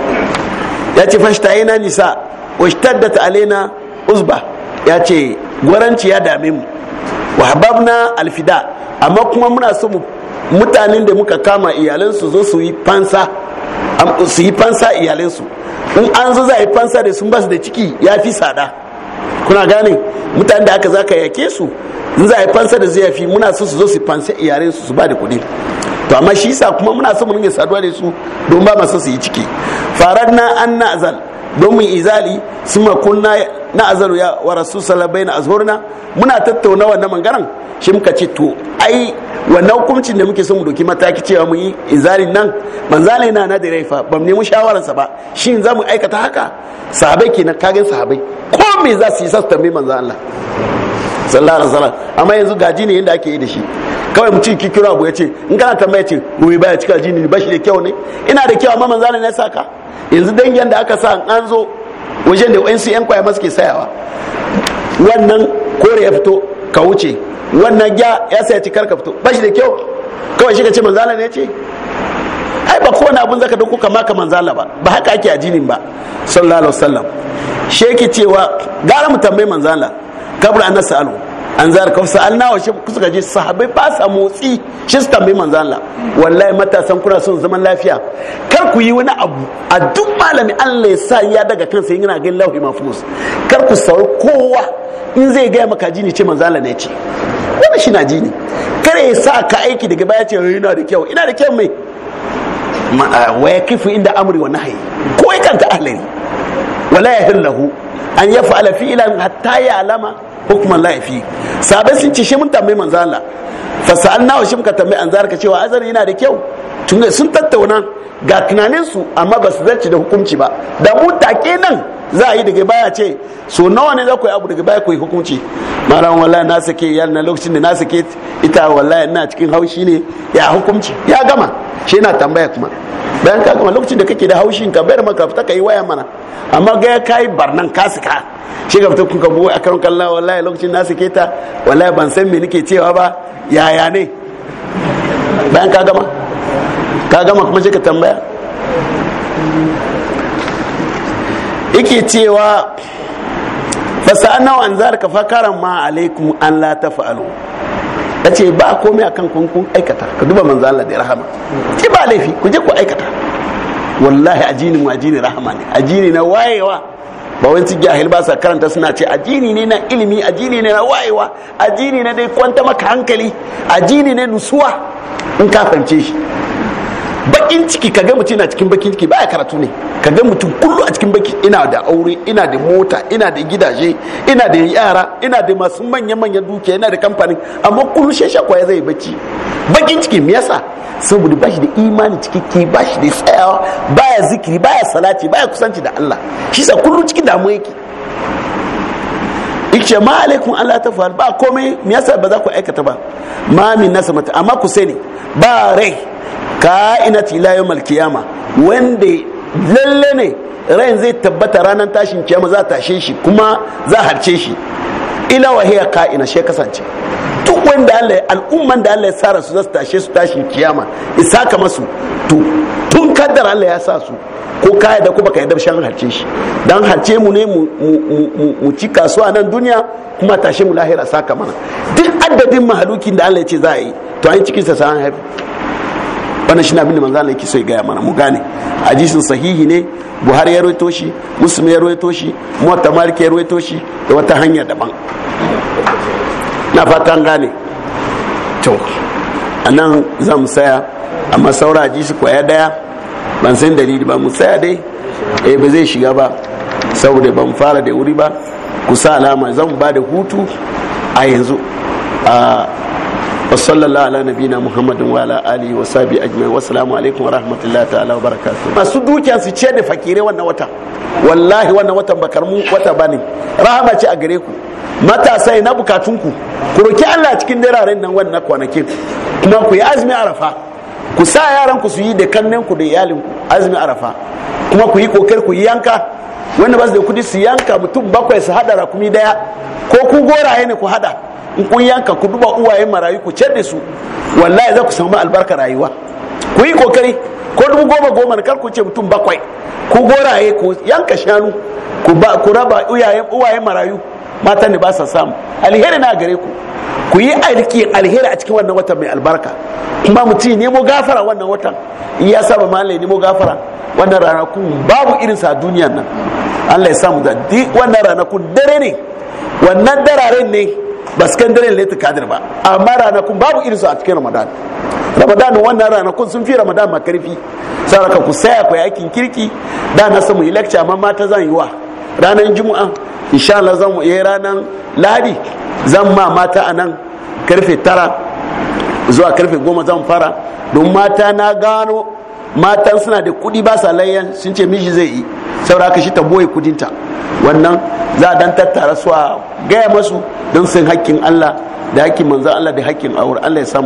ya ce ina nisa washtaddat alaina uzba ya ce gwaranci ya dame mu wa hababna alfida amma kuma muna so mutanen da muka kama iyalansu zo su yi fansa su yi fansa iyalansu in an zo za a yi fansa da sun basu da ciki ya fi sada kuna gane mutanen da aka za zaka yake su in za a yi fansa da zai fi muna so su zo su fansa iyalansu su ba da kuɗi to amma shi sa kuma muna son mu yi saduwa da su don ba masu su yi ciki na an na'zal don mu izali suma kunna na'zalu ya wa rasul sallallahu alaihi azhurna muna tattauna wannan mangaran shi muka ce to ai wannan hukuncin da muke son mu doki mataki cewa mu yi izalin nan manzalai na na da raifa mu nemi shawararsa ba shin za mu aikata haka sahabai kenan kagan sahabai ko me za su yi sa su tambayi manzo Allah sallallahu alaihi wasallam amma yanzu gaji ne yanda ake yi da shi kawai mutum ki kira abu yace in kana tambaya ce wai baya cika jini ba shi da kyau ne ina da kyau amma manzana ne saka yanzu dangin da aka sa an an zo wajen da wayansu yan kwaya masu ke sayawa wannan kore ya fito ka wuce wannan ya ya saya ci karka fito ba shi da kyau kawai shi ka ce manzana ne ce ai ba kowane abun zaka dauko kama ka manzala ba ba haka ake ajinin ba sallallahu alaihi wasallam sheki cewa gara mu tambayi manzala kabur an nas'alu an zar kawai sa'alna wa shi je sahabai ba sa motsi shi su tambayi manzo Allah wallahi matasan kuna son zaman lafiya kar ku yi wani abu a duk malami Allah ya sa ya daga kansa yana ga lauhi mafus kar ku sauri kowa in zai gaya maka jini ce manzo Allah ne ce Wani shi na jini kare ya sa ka aiki daga baya ce yana da kyau ina da kyau mai wa yakifu inda amri wa nahyi ko ya kanta ahlari wala ya nahu? an ya fi ila hatta ya'lama hukuman hukman laifi? sabai sun ce shi mun tambayi manzo Allah fa sa'alna wa shi muka tambayi an zarka cewa azari yana da kyau tun sun tattauna ga tunanin su amma ba su zarce da hukunci ba da mu take nan za a yi daga baya ce so nawa ne za ku yi abu daga baya ku yi hukunci mara wallahi na sake yan na lokacin da na sake ita wallahi ina cikin haushi ne ya hukunci ya gama shi na tambaya kuma bayan ka gama lokacin da kake da haushin ka bayar maka fita ka yi waya mana amma ga ya kai barnan ka sika shi ga fita kun ka buwa akan kallon wallahi lokacin na sake ta wallahi ban san me nake cewa ba yaya ne bayan ka gama ka gama kuma shi ka tambaya yake cewa fasa'anna wa anzarka fakaran ma alaikum an la tafa'alu ta ce ba komai akan kun kun aikata ka duba manzo Allah da rahama ce ba laifi ku je ku aikata wallahi ajini mu ajini rahama ne ajini na wayewa ba wani jahil ba sa karanta suna ce ajini ne na ilimi ajini ne na wayewa ajini ne dai kwanta maka hankali ajini ne nusuwa in ka fahimce shi bakin ciki ga mutum yana cikin bakin ciki baya karatu ne ka ga mutum kullu a cikin baki ina da aure ina da mota ina da gidaje ina da yara ina da masu manyan manyan dukiya ina da kamfanin amma kullu shesha kwaya zai bacci bakin ciki me yasa saboda bashi da imani cikakke bashi da tsayawa baya zikiri baya salati baya kusanci da Allah shi sa kullu cikin damuwa yake ce ma alaikum Allah ta ba komai me yasa ba za ku aikata ba ma min nasamata amma ku sani ba rai ka'inat ila yawmal qiyama wanda lalle ne ran zai tabbata ranar tashin kiyama za tashe shi kuma za harce shi ila wa hiya ka'ina she kasance duk wanda Allah al'umman da Allah ya sara su za su tashe su tashin kiyama isaka masu to tun kaddara Allah ya sa su ko ka da kuma ka yadda shan harce shi dan harce mu ne mu ci kasuwa nan duniya kuma tashe mu lahira saka mana duk adadin mahalukin da Allah ya ce za a yi to an cikin sa sa an haifi wannan shi na abin da manzo Allah yake so ya gaya mana mu gane hadisin sahihi ne buhari ya rawaito shi muslim ya rawaito shi muwatta malik ya rawaito shi da wata hanya daban na fatan gane to anan mu saya amma saura hadisi kwaya daya ban san dalili ba mu saya dai eh ba zai shiga ba saboda ban fara da wuri ba kusa alama zan ba da hutu a yanzu a ah, wa sallallahu ala nabina muhammadin wa ala alihi wa sahbihi ajma'in wa assalamu alaikum wa rahmatullahi ta'ala wa barakatuh masu dukiya su ce da fakire wannan wata wallahi wannan watan bakar mu wata bane rahama ce a gare ku matasa na bukatunku ku roki Allah cikin dararen nan wannan kwanake kuma ku yi azumi arafa ku sa yaran ku su yi da kannen ku da iyalin ku azumi arafa kuma ku yi kokar ku yi yanka wanda ba su da kudi su yanka mutum bakwai su hada rakumi daya ko ku goraye ne ku hada in kun yanka ku duba uwaye marayu ku ciyar da su wallahi za ku samu albarka rayuwa ku yi kokari ko dubu goma goma na kar ku ce mutum bakwai ku goraye ku yanka shanu ku ba ku raba uwaye marayu matan da ba sa samu alheri na gare ku ku yi aiki alheri a cikin wannan watan mai albarka in ba mutum nemo gafara wannan watan in ya saba ma Allah nemo gafara wannan ranakun babu irin sa duniyan nan Allah ya samu da wannan ranaku dare ne wannan dararen ne ba su kan daren ta kadir ba amma ranakun babu irin su a cikin ramadan ramadan wannan ranakun sun fi ramadan ma karfi saraka ku saya ku aikin kirki da na samu yi lecture amma mata zan yi wa ranar juma'a insha Allah zan yi ranar ladi zan ma mata a nan karfe tara zuwa karfe goma zan fara don mata na gano matan suna da kudi ba sa layan sun ce miji zai yi saura ka shi ta boye kudinta wannan za a dan tattara su a gaya masu don sun hakkin Allah da hakkin manzan Allah da hakkin aure Allah ya samu